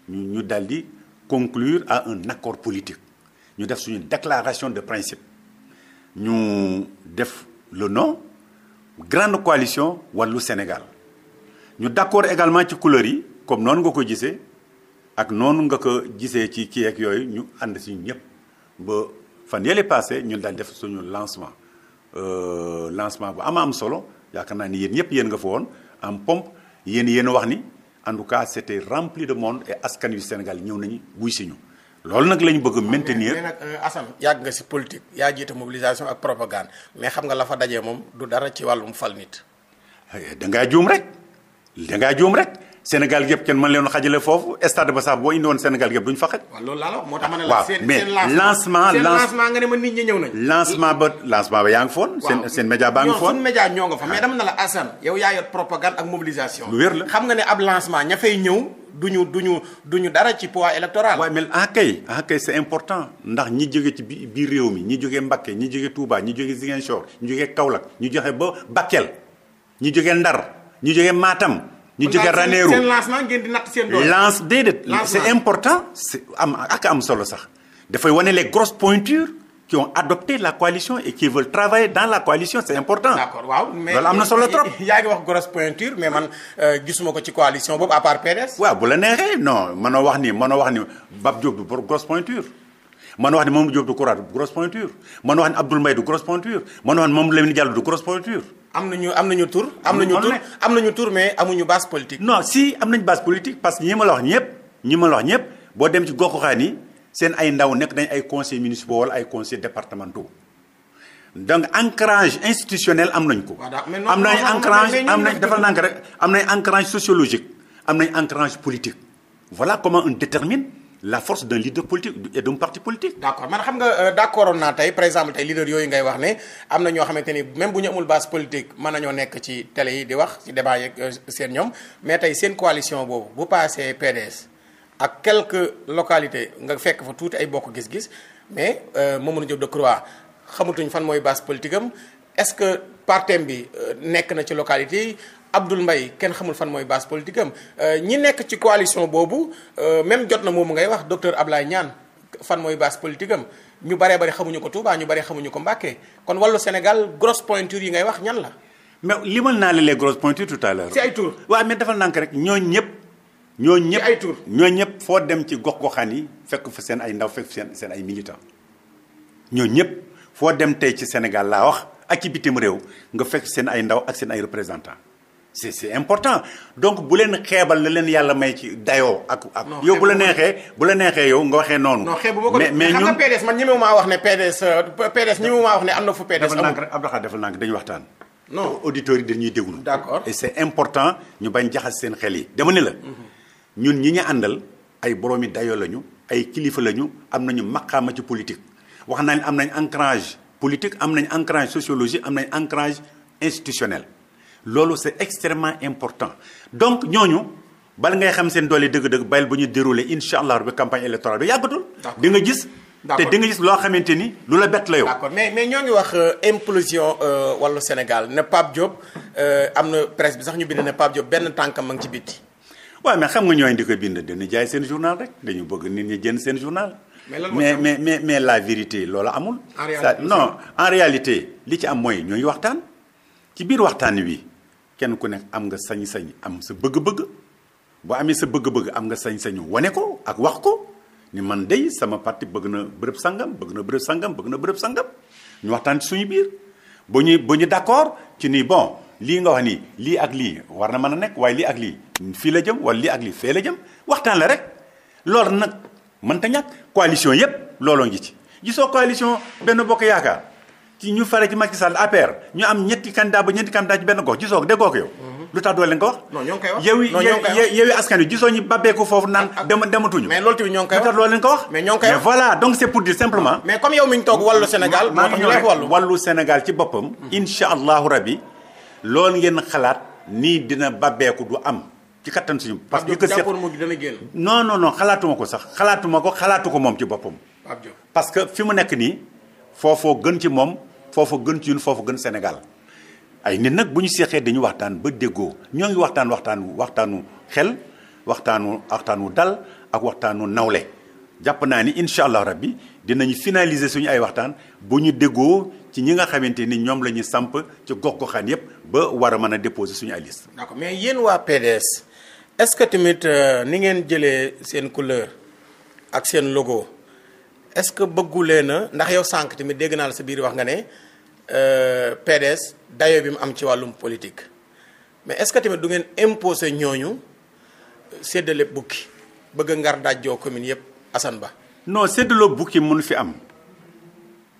ñu ñu daldi conclure à un accord politique ñu def suñu déclaration de principe ñu def le nom grande coalition wàllu Sénégal ñu d'accord également ci couleur yi comme noonu nga ko gisee ak noonu nga ko gisee ci kii ak yooyu ñu ànd si ñëpp ba. fan yële passé ñun daal def suñu lancement euh, lancement bu ama am solo yaakaar naa ni yéen yëpp yéen nga fa woon am pompe yéen yéen wax ni en tout cas c'était rempli de monde askan yu Sénégal ñëw nañu buy si ñu loolu nag la ñu bëgg maintenir mais nag euh, Assane yàgg nga si politique yaa jiite mobilisation ak propagande mais xam nga la fa dajee moom du dara ci wàllum fal nit. Eh, dangaa juum rek dangaa juum rek. Sénégal yëpp kenn mën leen xajale foofu stade ba sax boo indi woon Sénégal yëpp duñ fa xaj. moo tax ma ne la seen seen lancement seen lancement nga ne ma nit ñi ñëw nañ. lancement ba lancement ba yaa ngi foon. seen seen média baa ngi foon ñoom suñu média ñoo nga fa mais ah. dama ne la Assane. yow yaa yor propagande ak mobilisation. lu wér la xam nga ne ab lancement ña fay ñëw duñu duñu duñu dara ci poids électoral. waaye mais ah kay ah kay c'est important ndax ñi jóge ci biir réew mi ñi jóge Mbacké ñi jóge Touba ñi jóge Ziguinchor ñi jóge Kaolack ñu joxe ba Bakel ñi jóge Ndar ñi jóge Matam ñu jóge Ranérou seen lancement ngeen di natt seen lance déedéet c'est important c'est am ak am solo sax dafay wane les grosses pointures qui ont adopté la coalition et qui veulent travailler dans la coalition c'est important. d'accord waaw mais loolu am na solo trop. yaa ngi wax grosse pointure mais man euh, gisuma ko ci coalition boobu à part PDS. bu la neexee non mënoo wax ni mënoo wax ni Bab Diop du grosse pointure mënoo wax ni Mamadou Diop du Kourat du grosse pointure mënoo wax ni Abdoul Mbaye du grosse pointure mënoo wax ni Mamadou Lamine Diallo du grosse pointure. am nañu am nañu tur. am nañu tur am nañu tur mais amuñu base politique. non si am nañ base politique parce que ñi ma la wax ñëpp ñi wax ñëpp boo dem ci gox-goxaan yi seen ay ndaw nekk dañ ay conseils municipaux wala ay conseil départementaux donc ancrage institutionnel am nañ ko. am nañ ancrage am nañ defal nank rek am nañ ancrage sociologique am nañ ancrage politique voilà comment on détermine. la force d'un leader politique et d'un parti politique. d'accord man xam nga euh, d'accord naa tey par exemple tey leader yooyu ngay wax ne am na ñoo xamante ni même bu ñu amul base politique mën nañoo nekk ci télé yi di wax ci débat yeeg euh, seen ñoom mais tey seen coalition boobu bu passé pedes ak quelque localité nga fekk fa tuuti ay bokk gis-gis mais euh, Mamadou de Decroix xamatuñ fan mooy base politique am est-ce que partem bi nekk na ci localité yi. Abdoul mbay kenn xamul fan mooy base politique am euh, ñi nekk ci coalition boobu euh, même jot na moomu ngay wax ab Ablaye ñaan fan mooy base politique am ñu baree bari xamuñu ko Touba ñu baree xamuñu ko Mbacké kon wàllu Sénégal grosse pointure yi ngay wax ñan la. mais limal naa la les grosses pointures tout à l'heure. ci ay tour waaw mais dafa nànk rek ñooñu ñëpp. ñoo ñëpp ci ñëpp foo dem ci gox-goxaan yi fekk fa seen ay ndaw fekk fa seen seen ay militants ñoo ñëpp foo dem tey ci Sénégal wax ak bitim réew nga fekk seen ay ndaw ak seen ay représentants. c'est c'est important donc bu leen xeebal la leen yàlla may ci dayoo ak ak. yow bu la neexee bu la neexee yow nga waxee noonu. non xeebu ma ko mais mais ñun xam man ñemewumaa wax ne euh, wax ne am na fu PDS. amul defal nànk rek Abdou Khadre defal nànk dañuy waxtaan. non auditeurs yi dañuy déglu. d'accord c'est important ñu bañ jaxas seen xel yi dama ne la. ñun ñi ñu àndal ay boroomi dayoo lañu ay kilifa lañu am na ñu nañu maqaama ci politique wax nañ am nañ ancrage politique am nañ ancrage sociologie am nañ ancrage institutionnel. loolu c'est extrêmement important donc ñooñu bala ngay xam seen doole dëgg-dëgg bayil ba ñu déroulé incha allah bi campagne électorale bi yàggatul. di nga gis. te di nga gis loo xamante ni lu la bett la yow. d'accord mais mais ñoo ngi wax euh, implosion euh, wàllu Sénégal ne Pape Diop euh, am na presse bi sax ñu bind ne Pape Diop benn tànkam ma ngi ci bitti. waaw mais xam nga ñooñu di ko bind dañu jaay seen journal rek dañu bëgg nit ñi jënd seen journal. mais mais mais mais la vérité loolu amul. non en réalité li ci am mooy ñooy waxtaan ci biir waxtaan wi. kenn ku nekk am nga sañ-sañ am sa bëgg-bëgg boo amee sa bëgg-bëgg am nga sañ-sañu wane ko ak wax ko ni man dey sama parti bëgg na bërëb sangam bëgg na bërëb sangam bëgg na bërëb sangam ñu waxtaan ci suñu biir ba ñuy ba ñu d'accord ci nii bon lii nga wax nii lii ak lii war na mën a nekk waaye lii ak lii fii la jëm wala lii ak lii fee la jëm waxtaan la rek loolu nag mënta ñàkk coalition yépp looloo ngi ci gisoo coalition benn bokk yaakaar ci ñu fare ci Macky Sall APR ñu am ñetti candidat ba ñetti candidat ci benn gox gisoo ko déggoo ko yow. Mhm. lu tax doo leen ko wax. non ñoo ngi koy askan wi gisoo ñu babbeeku foofu naan ah, ah. dematuñu. lu tax doo leen ko wax. mais voilà donc c'est pour dire simplement. mais comme yow mi ñu toog wàllu Sénégal. moo ci boppam. Mhm. incha allahu rabi loolu ngeen xalaat nii dina babbeeku du am. ci kattan suñu parce ah, que jàppoon mu dana génn. xalaatuma ko sax xalaatuma ko xalaatu ko moom ci boppam. parce que fi mu nekk nii foofoo gën ci moom foofa gën ci ñun foofa gën Sénégal ay nit nag bu ñu seexee dañu waxtaan ba déggoo ñoo ngi waxtaan waxtaan waxtaanu xel waxtaanu waxtaanu dal ak waxtaanu nawle jàpp naa ni incha allah rabbi dinañu finaliser suñu ay waxtaan bu ñu déggoo ci ñi nga xamante ni ñoom la ñu samp ci gox-goxaan yépp ba war a mën a déposer suñu ay liste. d'accord mais yéen waa PDS est-ce que tamit euh, ni ngeen jëlee seen couleur ak seen logo. est-ce que bëggulee na ndax yow sànq tamit dégg naa la sa biir wax nga ne euh, PDS dayo bi mu am ci wàllum politique mais est-ce que du ngeen imposer ñooñu séddale bukki bëgg ngar dajjoo commune yëpp Assane Ba. non séddaloo bukki mun fi am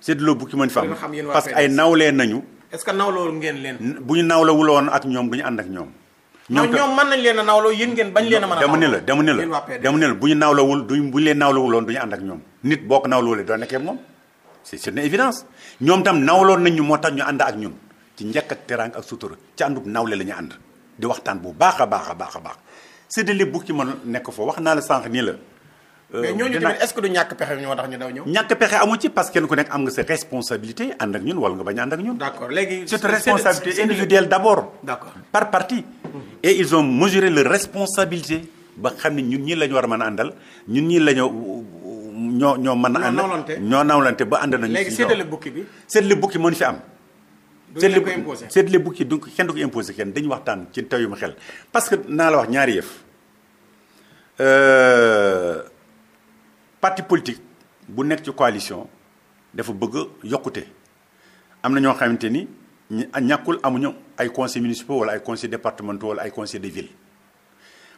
bukki mun fi am parce que ay nawlee nañu. est-ce que nawloo ngeen leen. bu ñu nawloo wul woon ak ñoom du ñu ànd ak ñoom. ñoom ñoom nañ leen a nawloo yéen ngeen bañ leen a mën a. dama dama ne la dama ne la bu ñu nawloo wul duñ bu ñu leen nawloo wuloon du ñu ànd ak ñoom nit boo ko nawloolee doo nekkee moom c'est c'est évidence ñoom tam nawloon nañ ñu moo tax ñu ànd ak ñun ci njëkk ak teraanga ak sutura ci àndub nawle la ñu ànd di waxtaan bu baax a baax a baax a baax séddale bu ci mën nekk foofu wax naa la sànq nii la. Euh, mais ñooñu tamit est-ce que du ñàkk pexe ñoo tax ñëw. ñàkk pexe amu ci parce que kenn ku nekk am nga sa responsabilité ànd ak ñun wala nga bañ ànd ak ñun. d'accord léegi c'est une responsabilité individuelle d'abord. par parti. Mhm. et ils ont mesuré leur responsabilité ba xam ne ñun ñii la ñu war a mën a àndal ñun ñii la ñu ñoo ñoo mën a. ñoo nawlante ba ànd nañu. léegi séddale bukki bi séddale bukki mënu fi am. duñ leen ko imposer séddale bukki donc kenn du ko imposer kenn dañu waxtaan ci taw yu ma xel. parce que naa la wax ñaari yëf euh, parti politique bu nekk ci coalition dafa bëgg yokkute am na ñoo xamante ni ñàkkul amuñu ay conseils municipaux wala ay conseils départementaux wala ay conseils de ville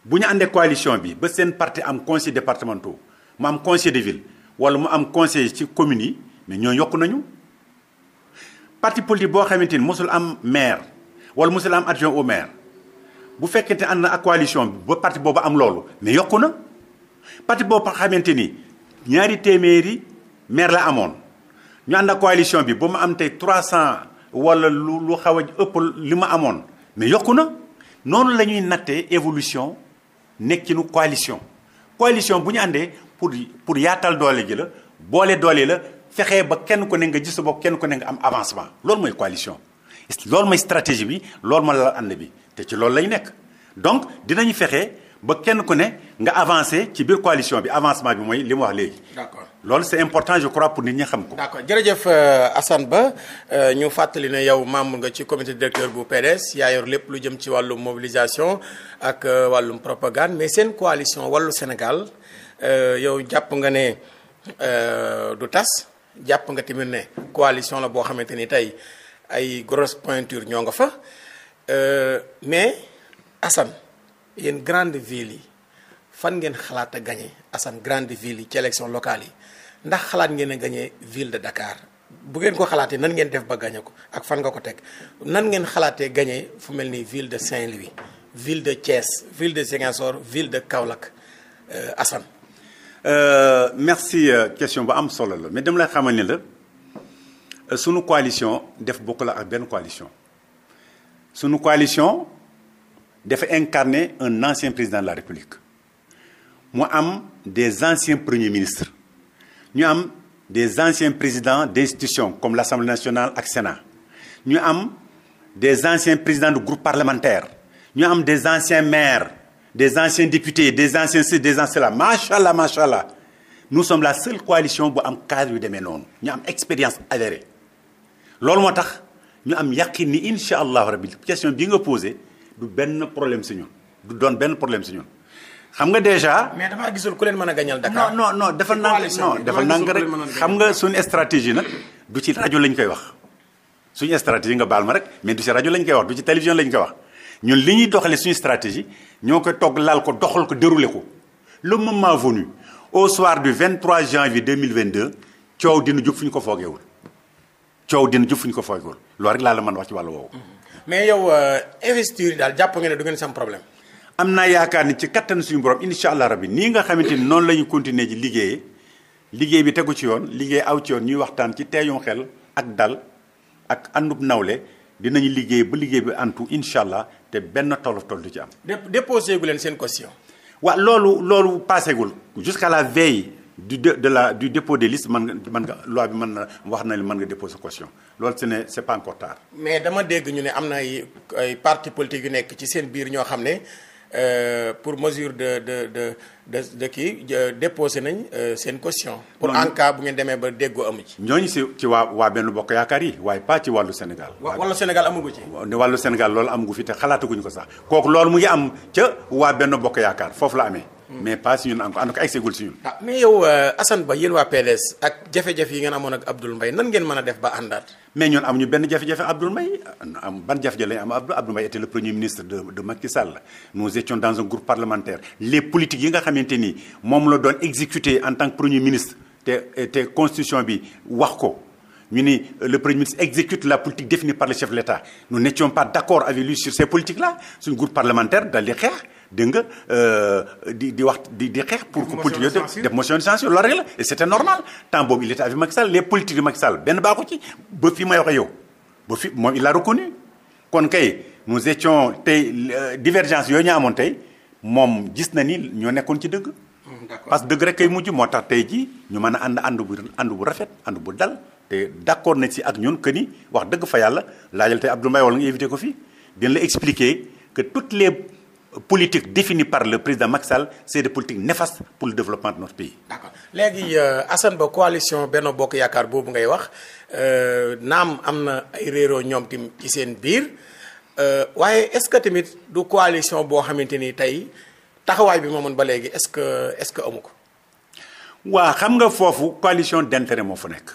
bu ñu àndee coalition bi ba seen parti am conseils départementaux. mu am conseil de ville wala mu am conseil ci communes yi mais ñoo yokk nañu parti politique boo xamante ni mosul am maire wala mosul am adjoint au maire bu fekkente ànd na ak coalition bi ba parti boobu am loolu mais yokku na parti boobu xamante ni ñaari téeméeri maire la amoon ñu ak coalition bi ba mu am tey trois cent wala lu lu xaw a ëpp li ma amoon mais yokku na noonu la ñuy nattee évolution nekkinu coalition coalition bu ñu àndee pour pour yaatal doole ji la boole doole la fexe ba kenn ku ne nga gis sa bopp kenn ku ne nga am avancement loolu mooy coalition. loolu mooy stratégie bi loolu mooy la ànd bi te ci loolu lay nekk donc dinañu fexe ba kenn ku ne nga avancé ci biir coalition bi avancement bi mooy li mu wax léegi. d'accord loolu c'est important je crois pour nit ñi xam ko. d'accord jërëjëf euh, Assane Ba euh, ñu fàttali ne yow membre nga ci comité directeur bu PDS yaa yor lépp lu jëm ci wàllum mobilisation ak euh, wàllum propagande mais seen coalition wàllu Sénégal. Euh, yow jàpp nga ne euh, du tas jàpp nga tamit ne coalition la boo xamante ni tey ay grosse pointure ñoo nga fa euh, mais Assane yéen grande ville yi fan ngeen xalaat a gagné Assane grande ville yi ci élection locale yi ndax xalaat ngeen gañe gagné ville de Dakar bu ngeen ko xalaatee nan ngeen def ba gagné ko ak fan nga ko teg nan ngeen xalaatee gagné fu mel ni ville de Saint-Louis ville de Thiès ville de Ziguinchor ville de Kaolack Assane Euh, merci euh, question ba am solo la mais dama lay xamal ni la euh, sunu coalition def bokk ak benn coalition sunu coalition dafa incarner un ancien président de la mu am des anciens premiers ministres ñu am des anciens présidents d'institutions comme l'Assemblée nationale ak Sénat ñu am des anciens présidents de groupes parlementaires ñu am des anciens maires des anciens députés des anciens ci des anciens là macha allah macha allah nous sommes la seule coalition bu am cadre bi demee noonu ñu am expérience avérée loolu moo tax ñu am yaqin ni incha allahu rabbi question bii nga posé du benn problème si ñun du doon benn problème si ñun xam nga déjà. mais dafa gisul ku leen mën a gañal Dakar. non non non defal naa non defal rek xam nga suñu stratégie na du ci rajo lañ koy wax suñu stratégie nga baal ma rek mais du ci wax. ñun li ñuy doxalee suñu stratégie ñoo ko togg laal ko doxal ko déroulé ko le moment venu au soir du deux mille vingt 2022 coow dina jub fu ñu ko foogeewul coow dina jub fu ñu ko foogeewul loolu rek laa la mën wax ci wàllu woowu. Mm-hmm. mais yow euh, investisseurs yi daal jàpp nga ne du ngeen sam problème. am naa yaakaar ni ci kattan suñu borom incha allah rabi nii nga xamante ni noonu la ñu continuer ji liggéeyee liggéey bi tegu ci yoon liggéey aw ci yoon ñuy waxtaan ci teeyum xel ak dal ak àndub nawle dinañu liggéey ba liggéey bi antu incha allah te benn tolof tol du ci am. déposé gu leen seen caution. waaw loolu loolu paasegul jusqu'à la veille du de la du dépôt des listes mën nga mën loi bi mën na wax na li mën nga déposer caution loolu ce n'est c'est pas encore tard. mais dama dégg ñu ne am na ay ay parti politique yu nekk ci seen biir ñoo xam ne. Euh, pour mesure de de de de de kii déposé nañ euh, seen caution. pour en cas bu ngeen demee ba déggoo amu ci. ñooñu si ci waa waa benn bokk yaakaar yi waaye pas ci wàllu Sénégal. waa wàllu Sénégal amu ko ci. wàllu Sénégal loolu amu ko fi te xalaataguñu ko sax kooku loolu mu ngi am ca waa benn bokk yaakaar foofu la amee. mais pas si ñun encore en tout cas egseegul si ñun. ah mais yow euh, Assane Ba yéen waa PDS ak jafe-jafe yi ngeen amoon ak Abdoul Mbaye nan ngeen mën a def ba àndaat. mais ñun amuñu benn jafe-jafe Abdoul Mbaye am ban jafe-jafe lañu am Abdoul Mbaye était le premier ministre de de Macky Sall nous étions dans un groupe parlementaire les politiques yi nga xamante ni moom la doon exécuter en tant que premier ministre te te constitution bi wax ko. ñu ni euh, le premier ministre exécute la politique définie par le chef de l'État nous n'étions pas d'accord avec lui sur ces politiques dégg nga euh, di di wax di di xeex pour que politique yooyu def motion de censure loolu rek la et c'était normal temps boobu il était avec Macky Sall les politiques de Macky Sall benn baa ko ci ba fi may wax yow ba kon kay nous étions tey euh, divergence yooyu ñu amoon tey moom gis na ni ñoo nekkoon ci dëgg parce que dëgg rek kay mujj moo tax tey jii ñu mën a ànd ànd bu ànd bu rafet ànd bu dal te d'accord nañ si ak ñun que ni wax dëgg fa yàlla laajal tey Abdoul Mbaye wala nga invité ko fii den la expliquer que toutes les politique définie par le président Macky Sall c'est des politiques néfastes pour le développement de notre pays. léegi euh, Assane Ba coalition benn Bokk Yaakaar boobu ngay wax euh, naam am na ay réeroo ñoom tim ci seen biir euh, waaye est-ce que tamit du coalition boo xamante ni tey taxawaay bi moomoon ba léegi est-ce que est-ce que amu ko. waa xam nga foofu coalition d'intérêt moo fa nekk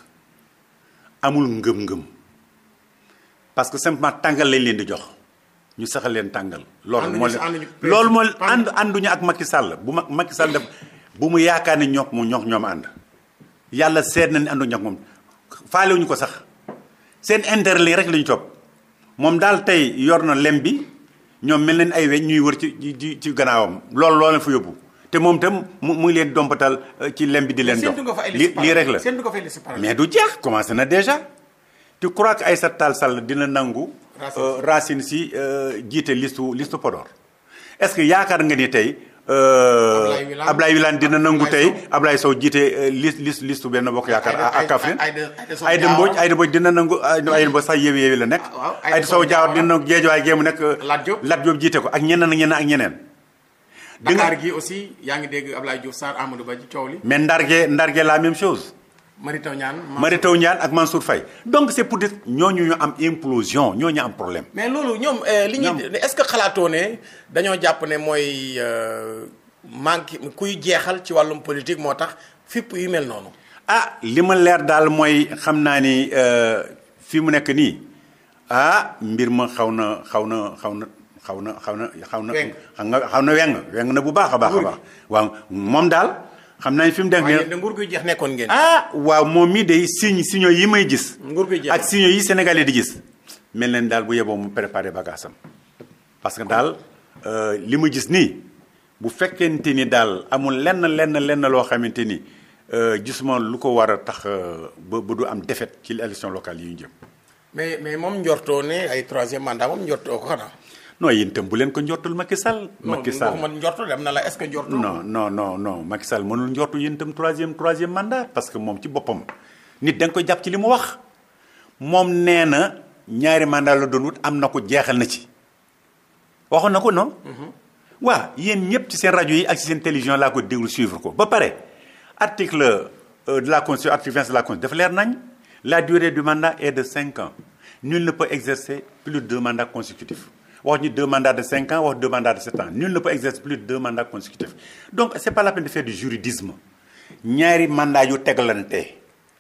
amul ngëm-ngëm parce que simplement tàngal lañ leen di jox. ñu saxal leen tàngal. loolu moo leen loolu moo ànd ànduñu ak Macky sàll bu ma Macky Sall def bu mu yaakaar ni ñoom mu ñoom ñoom ànd yàlla seet na ne ànduñu ak moom faalewuñu ko sax seen intérêt lañ rek la ñu moom daal tey yor na lem bi ñoom mel nañ ay weñ ñuy wër ci ci ci gannaawam loolu loolu la fa te moom itam mu mu ngi leen dompatal euh, ci lem bi di leen dox li lii rek la mais du jeex commencé na déjà tu crois que sa Tall Sall dina nangu Euh, Racine si euh, jiite liste liste Podor est-ce que yaakaar nga ni tey. Euh, Ablaye Wilane dina nangu tey Ablaye Sow jiite liste liste liste benn bokk yaakaar ak Kaffrine Aïda Mbodj Aïda Mbodj dina nangu Aïda Mbodj sax Yewwi Yewwi la nekk Aïda Sow Diawara dina nangu Guédiawaye géemu nekk Lat Diop jiite ko ak ñeneen ak ñeneen ak ñeneen Dakar gi aussi yaa ngi dégg Ablaye Diouf Sarr Amadou Ba ji coow li mais Ndar gee la même chose Mary Teuw Niane Mary Teuw Niane ak Mansour Faye donc c'est pour dire ñooñu ñu am implosion ñooñu am problème. mais loolu ñoom euh, li ñuy est-ce que xalaatoo ne dañoo jàpp ne mooy euh, manque kuy jeexal ci wàllum politique moo tax fipp yu mel noonu. ah li ma leer daal mooy xam naa ni euh, fi mu nekk nii ah mbir ma xaw na xaw na xaw na. xaw na xaw na xaw na. weng xaw na weng weng na bu baax a baax a baax. waaw moom daal. xam nañ fi mu nekk nii nguur guy jeex nekkoon ngeen. ah waaw moom mii day signe signaux yi may gis. nguur guy ak signaux yi Sénégalais di gis. mel leen daal bu yeboo mu préparé bagage parce que daal euh, li ma gis nii bu fekkente ni daal amul lenn lenn lenn loo xamante ni euh, gisuma lu ko war a tax euh, ba ba du am defet ci élection locale yu ñu jëm. mais mais moom njortoo ne ay troisième mandat moom njortoo ko xanaa. non yéen itam bu leen ko njortul Macky Sall. Macky Sall non man dem na la est ce que njortul. non non non non Macky Sall mënul njortu yéen itam troisième troisième mandat parce que moom ci boppam nit danga nga koy jàpp ci li mu wax moom nee na ñaari mandat la doon wut am na ko jeexal na ci waxoon na ko non. Mhm. waa yéen ñëpp ci seen rajo yi ak ci seen télévision laa ko déglu suivre ko ba pare article euh, de la constitution article 20 de la constitution dafa leer nañ la durée du mandat est de cinq ans nul ne peut exercer plus de deux cons wax ñu deux mandats de cinq ans wax deux mandats de sept ans nul ne peut exercer plus deux mandats consécutifs donc c'est pas la de faire du juridisme ñaari mandat yu teglante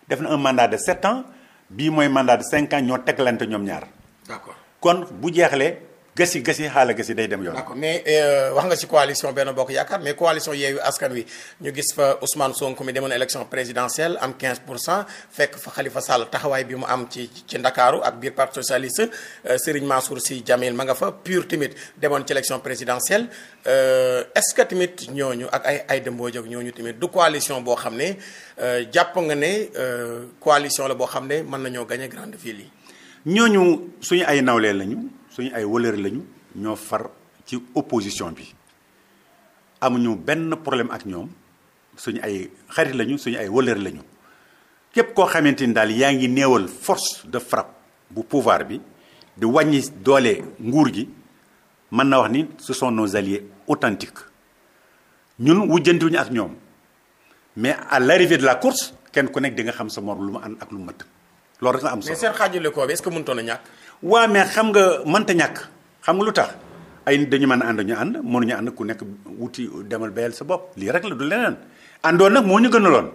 def na un mandat de sept ans bii mooy mandat de cinq ans ñoo teglante ñoom ñaar d'accord kon bu jeexlee gasi gasi xaala gasi day dem yoon. d'accord mais euh, wax nga ci coalition benn bokk yaakaar mais coalition yeewu askan wi ñu gis fa Ousmane Sonko mi demoon élection présidentielle am 15 cent fekk fa Khalifa Sall taxawaay bi mu am ci ci Ndakaaru ak biir parti socialiste euh, Serigne Mansour si Djamil ma nga fa pur tamit demoon ci élection présidentielle euh, est-ce que tamit ñooñu ak ay ay dëmboo jóg ñooñu tamit du coalition boo xam ne jàpp nga ne coalition la boo xam ne mën nañoo gagner grande ville yi. ñooñu suñu ay nawleel lañu. suñu ay wëlër lañu ñoo far ci opposition bi amuñu benn problème ak ñoom suñu ay xarit lañu suñu ay wëlër lañu képp koo xamante ni daal yaa ngi néewal force de frappe bu pouvoir bi di wàññi doole nguur gi mën na wax ni ce sont nos alliés authentiques ñun wujjantiwuñu ak ñoom mais à l'arrivée de la course kenn ku nekk di nga xam sa mor lu mu ànd ak lu mu loolu rek la am solo mais seen xaajale ko bi est-ce que ñàkk. waa mais xam nga mënta ñàkk xam nga lu tax ay nit dañu mën a ànd ñu ànd mënuñu ànd ku nekk wuti demal bayal sa bopp lii rek la du leneen àndoon nag moo ñu gënaloon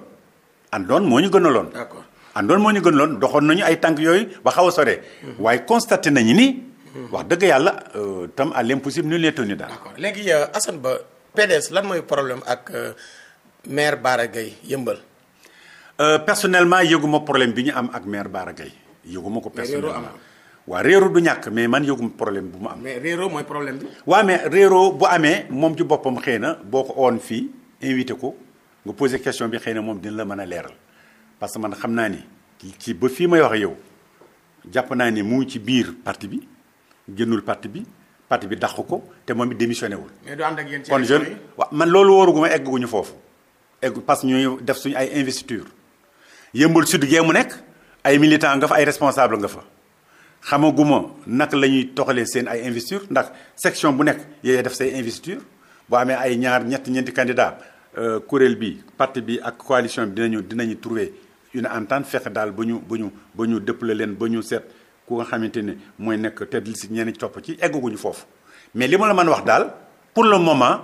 àndoon moo ñu gënaloon. d'accord àndoon moo ñu gënaloon doxoon nañu ay tànk yooyu ba xaw a sore. Mhm. waaye constaté nañu ni. Mhm. wax dëgg yàlla euh, tam à l'impossible nul n'est tenu daal. d'accord léegi euh, Assane Ba PDS lan mooy problème ak euh, maire Bara Gaye yëmbal. personnellement yëguma problème bi ñu am ak maire Bara Gaye yëguma ko personnellement. waa réero du ñàkk mais man yëgum problème bu mu am. mais mooy problème bi. waaw mais réero bu amee moom ci boppam xëy na boo ko oon fii invité ko nga posé question bi xëy na moom dina la mën a leeral parce que man xam naa ni ci ba fii may wax yow jàpp naa ni mu ngi ci biir parti bi génnul parti bi parti bi dàq ko te moom it démissionné wul. mais du ànd ak yéen ci kon man loolu wóoruguma egguñu foofu. egg parce que ñuy def suñu ay investiture yëmbal sud gee mu nekk ay militant nga fa ay responsable nga fa. xamaguma naka la ñuy toxalee seen ay investiture ndax section bu nekk yéen def say investiture boo amee ay ñaar ñetti ñeenti candidat euh, kuréel bi parti bi ak coalition bi dinañu dinañu trouver une entente fexe daal ba ñu ba ñu ba ñu dëppale leen ba ñu seet ku nga xamante ne mooy nekk tête de liste ñeneen topp ci eggaguñu foofu mais li ma la mën wax daal pour le moment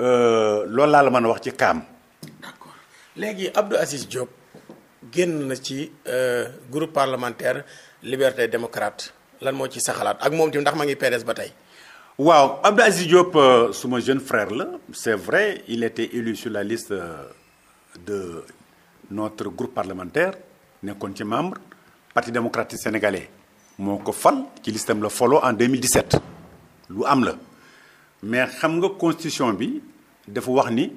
euh, loolu laa la mën a wax ci kaam. léegi Abdou Aziz Diop génn na ci euh, groupe parlementaire. liberté démocrate lan moo ci sa xalaat ak moom tamit ndax ma ngi PDS ba tey. waaw Abdou Aziz Diop euh, suma jeune frère la c'est vrai il était élu sur la liste euh, de notre groupe parlementaire nekkoon ci membre parti démocratique sénégalais moo ko fal ci listam la folo en 2017 lu am la mais xam nga constitution bi dafa wax ni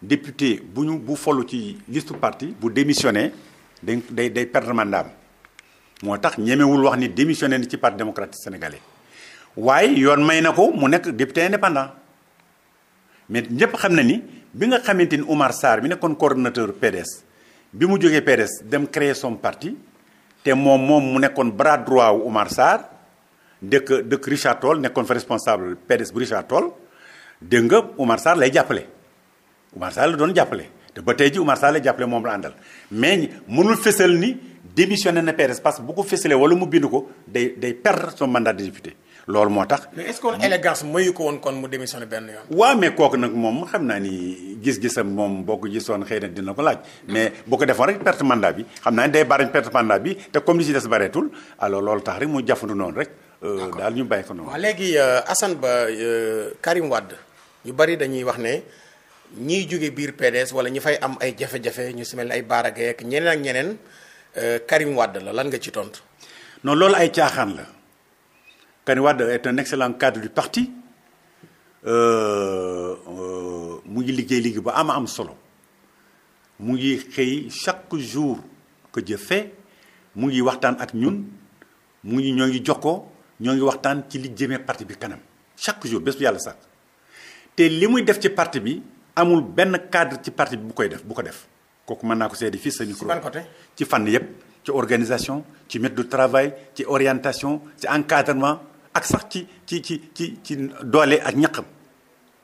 député bu ñu bu folu ci listu parti bu démissionné day day day perdre moo tax ñemewul wax ni démissionné na ci parti démocratique sénégalais waaye yoon may na ko mu nekk député indépendant mais ñëpp xam na ni bi nga xamante ni Oumar Sarr mi nekkoon coordonnateur PDS bi mu jógee PDS dem créer som parti te moom moom mu nekkoon bras droit wu Oumar Sarr dëkk dëkk Richard Toll nekkoon fa responsable PDS bu Richard Toll dégg nga Oumar Sarr lay jàppale Oumar Sarr la doon jàppale te ba tey ji Oumar Sarr lay jàppale moom la àndal mais mënul démissionné na PDS parce que bu ko fësalee wala mu bind ko day day perdre son mandat de député loolu moo tax. mais est-ce que élégance mayu ko woon kon mu démissionné benn yoon. waaw mais kooku nag moom xam naa ni gis-gisam moom boo ko gisoon xëy na dina ko laaj. mais bu ko defoon rek perte mandat bi xam naa ni day bari perte mandat bi te comme li ci des bareetul alors loolu tax rek mu jafandu noonu rek. Euh, daal ñu bàyyi ko noonu. waaw léegi euh, Assane Ba euh, Karim wàdd ñu bari dañuy wax ne. ñiy jóge biir PDS wala ñi fay am ay jafe ñu si mel ay baarage ak ñeneen ñeneen Euh, Karim Wade la lan nga ci tontu. non loolu ay caaxaan la Karim Wade est un excellent cadre du parti euh, euh, mu ngi liggéey liggéey bu am am solo mu ngi xëy chaque jour ko Dieu fait mu ngi waxtaan ak ñun mu ngi ñoo ngi jokkoo ñoo ngi waxtaan ci li jëmee parti bi kanam chaque jour bés bu yàlla sax te li muy def ci parti bi amul benn cadre ci parti bi bu koy def bu ko def. kooku mën naa ko seede fii sa micro. ci fànn yëpp ci organisation ci méthode de travail ci orientation ci encadrement ak sax ci ci ci ci ci doole ak ñaqam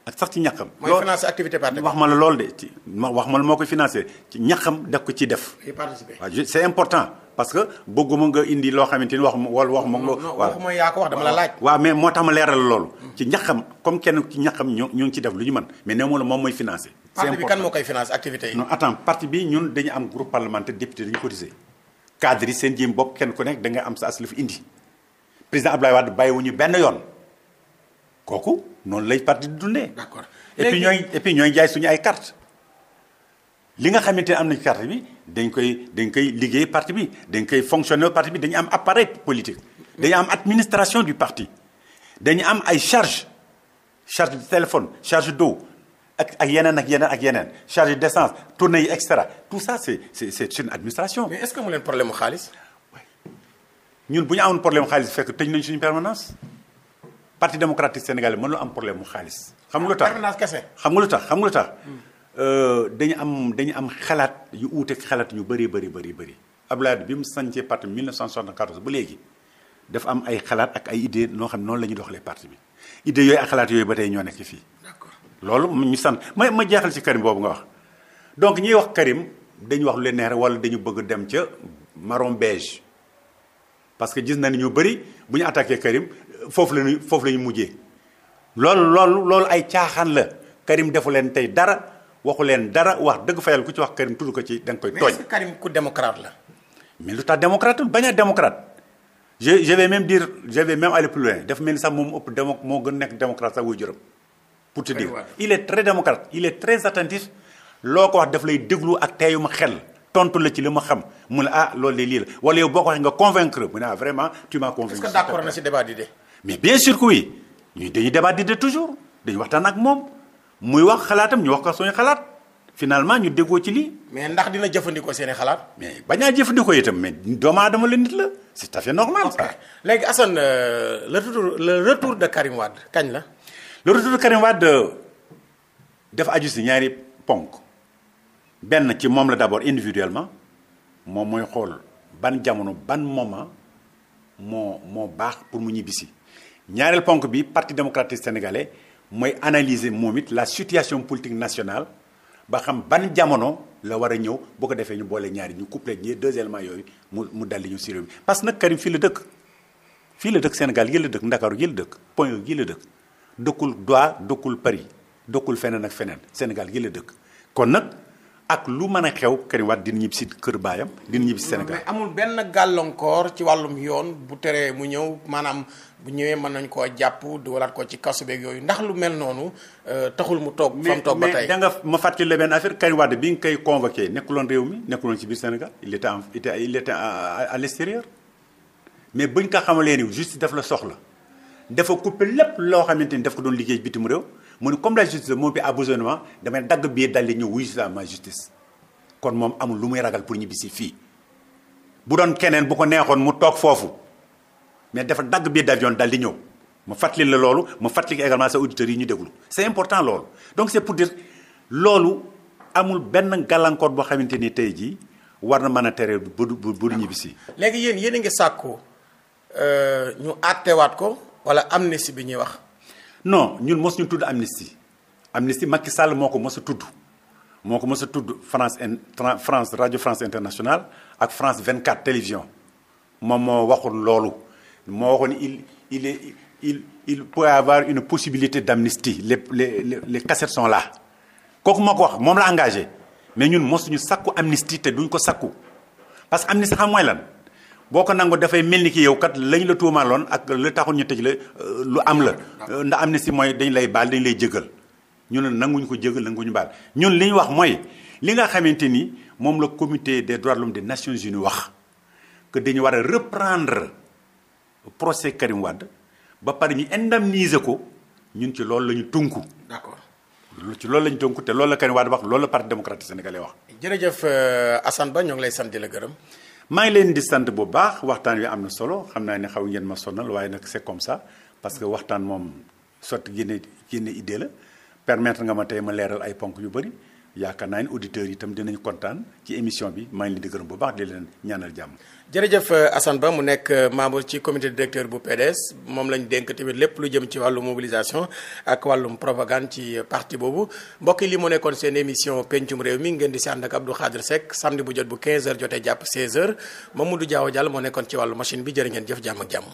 ak sax ci ñaqam. mooy financer activité parti wax ma la loolu de ci wax ma la moo koy financer ci ñaqam daf ko ci def. waaw c'est important parce que bëgguma nga indi loo xamante ni wax wala wax ma. non waxuma yaa ko wax dama la laaj. waaw mais moo tax ma leeral loolu. Mm. ci ñaqam comme kenn ci ñaqam ñu ñu ngi ci def lu ñu man mais néew ma la moom mooy financé parti bi kan moo koy finance activité yi. non attends parti bi ñun dañu am groupe parlementaire député dañu cotisé cadre yi seen jéem bopp kenn ku nekk da nga am sa as lu fi indi président Abdoulaye Wade bàyyiwuñu benn yoon kooku noonu lay parti di dundee. d'accord et ñooy jaay suñu ay carte li nga xamante ne am nañ carte bi dañ koy dañ koy liggéey parti bi dañ koy fonctionner parti bi dañu am appareil politique. dañu am administration du parti dañu am ay charge charge de téléphone charge d'eau ak ak yeneen ak yeneen ak yeneen chargé d'essence tournée yi extera cetera tout ça c'est c'est une administration. mais est-ce que mu leen problème mu xaalis. ñun bu ñu amoon problème mu xaalis fekk tëj nañ suñu permanence parti démocratique sénégalais mënul am problème mu xaalis. xam nga lu tax permanence kese. xam nga lu tax xam nga lu tax hmm. euh, dañu am dañu am xalaat ñu uuteeg xalaat yu bëree bëri bëri bëri Abdoulaye bi mu sancee parti bi 1974 ba léegi dafa am ay xalaat ak ay idée noo xam noonu la ñuy doxalee parti bi idée yooyu ak xalaat yooyu ba tey ñoo nekk fii. loolu ñu sant ma ma jaaxal ci Karim boobu nga wax donc ñiy wax Karim dañu wax lu leen neex wala dañu bëgg dem ca marron beige parce que gis na ni ñu bëri bu ñu attaqué Karim foofu la ñu foofu la mujjee loolu loolu loolu ay caaxaan la Karim defu leen tey dara waxu leen dara wax dëgg fa yàlla ku ci wax Karim tudd ko ci da nga koy tooñ. mais est-ce que Karim lu tax démocrate bañ a démocrate je je vais même dire je vais même aller plus loin daf mel sax moom ëpp démo moo gën nekk démocrate sax wuy pour te dire il est très démocrate il est très attentif loo ko wax daf lay déglu ak teeyu xel tontu la ci li ma xam mu ne ah loolu de lii la wala yow boo ko waxee nga convaincre mu ne ah vraiment tu m'as convaincu. est-ce que d'accord na ci débat d'idées mais bien sûr que oui ñuy dañuy débat d'idées toujours dañu waxtaan moom muy wax xalaatam ñu wax ko suñu xalaat finalement ñu déggoo ci lii. mais ndax dina jëfandikoo seen i xalaat. mais bañaa jëfandikoo itam mais doomu aadama la nit la c'est a à fait normal. ok léegi Assane euh, le retour le de Karim kañ la. le retour de Karim Wade dafa aju si ñaari ponk benn ci moom la d'abord individuellement moom mooy xool ban jamono ban moment moo moo baax pour mu ñibbisi ñaareel ponk bi parti démocratique sénégalais mooy analyser moom it la situation politique nationale ba xam ban jamono la war a ñëw boo ko defee ñu boole ñaari ñu couplé ñi deux éléments yooyu mu mu daldi ñu si réew mi parce que nag Karim fii la dëkk fii la dëkk Sénégal yële la dëkk Ndakaaru yële la dëkk point e, yële dëkk. dëkkul Doha dëkkul Paris dëkkul feneen ak feneen Sénégal gi la dëkk kon nag ak lu mën a xew Karim Wade dina ñibbi si kër baayam dina ñibbi si Sénégal. mais amul benn gàllankoor ci wàllum yoon bu teree mu ñëw maanaam bu ñëwee mën nañ koo jàpp duwalaat ko ci kaso beeg yooyu ndax lu mel noonu euh, taxul mu toog. fa mu toog ba tey nga ma fàttali la benn affaire Karim bi nga koy convoqué nekkuloon réew mi nekkuloon ci biir Sénégal il était en il était mais buñ ko xamalee ni justice daf la soxla. dafa coupé lépp loo xamante ni daf ko doon liggéey bitim réew mu ne comme la justice moom bi a besoin de moi damay dagg bii daldi ñëw wuyu si ma justice kon moom amul lu muy ragal pour ñibbisi fii bu doon keneen bu ko neexoon mu toog foofu mais dafa dagg bii dal di ñëw ma fàttali la loolu ma fàttali également sa auditeurs yi ñu déglu c'est important loolu donc c'est pour dire loolu amul benn gàllankoor boo xamante ni tey jii war na mën a tere bu bu bu ñibbisi. léegi yéen yéen a ngi sàkku euh, ñu àtteewaat ko. wala amnistie bi ñuy wax. non ñun mos ñu tudd amnistie amnistie Macky Sall moo ko mos a tudd moo ko mos a tudd France in France rajo France internationale ak France 24 télévision moom moo waxoon loolu moo waxoon il il est il il peut avoir une possibilité d' amnistie les les les, les cassettes sont là kooku moo ko wax moom la engagé mais ñun mosuñu sakku amnistie te duñ ko sakku parce que amnistie xam mooy lan. boo ko nangu dafay mel ni ki yow kat lañ la tuumaaloon ak la taxul ñu tëj la euh, lu am la euh, ndax am ne amnistie mooy dañ lay baal dañ lay jëgal ñu ne nanguñu ko jëgal ñu baal ñun li ñu wax mooy li nga xamante ni moom la comité des droits de l'homme des nations unies wax que dañu war a reprendre procès Karim Wade ba pare ñu indemniser ko ñun ci loolu la ñu tunku d'accord ci loolu la ñu tunku te loolu la Karim Wade wax loolu la parti démocratique sénégalais wax jërëjëf euh, Assane Ba ñoo ngi lay sant la gërëm maa ngi leen di sant bu baax waxtaan wi am na solo xam naa ne xaw ngeen ma sonal waaye nag c'est comme ça parce que waxtaan moom sotti génne génne idée la permettre nga ma tey ma leeral ay ponk yu bëri yaakaar naa ne auditeurs yi itam dinañ kontaan ci émission bi maa ngi leen di gërëm bu baax di leen ñaanal jàmm. jërëjëf euh, Assane Ba mu nekk euh, membre ci comité directeur bu PDS moom lañ denk tamit lépp lu jëm ci wàllu mobilisation ak wàllum propagande ci euh, parti boobu mbokk yi li mu nekkoon seen émission pencum réew mi ngeen di si ànd ak Abdou Khadre Seck samedi bu jot bu 15h jotee jàpp 16h Mamadou Diaw Diallo moo nekkoon ci wàllu machine bi jërë ngeen jëf jàmm jàmm.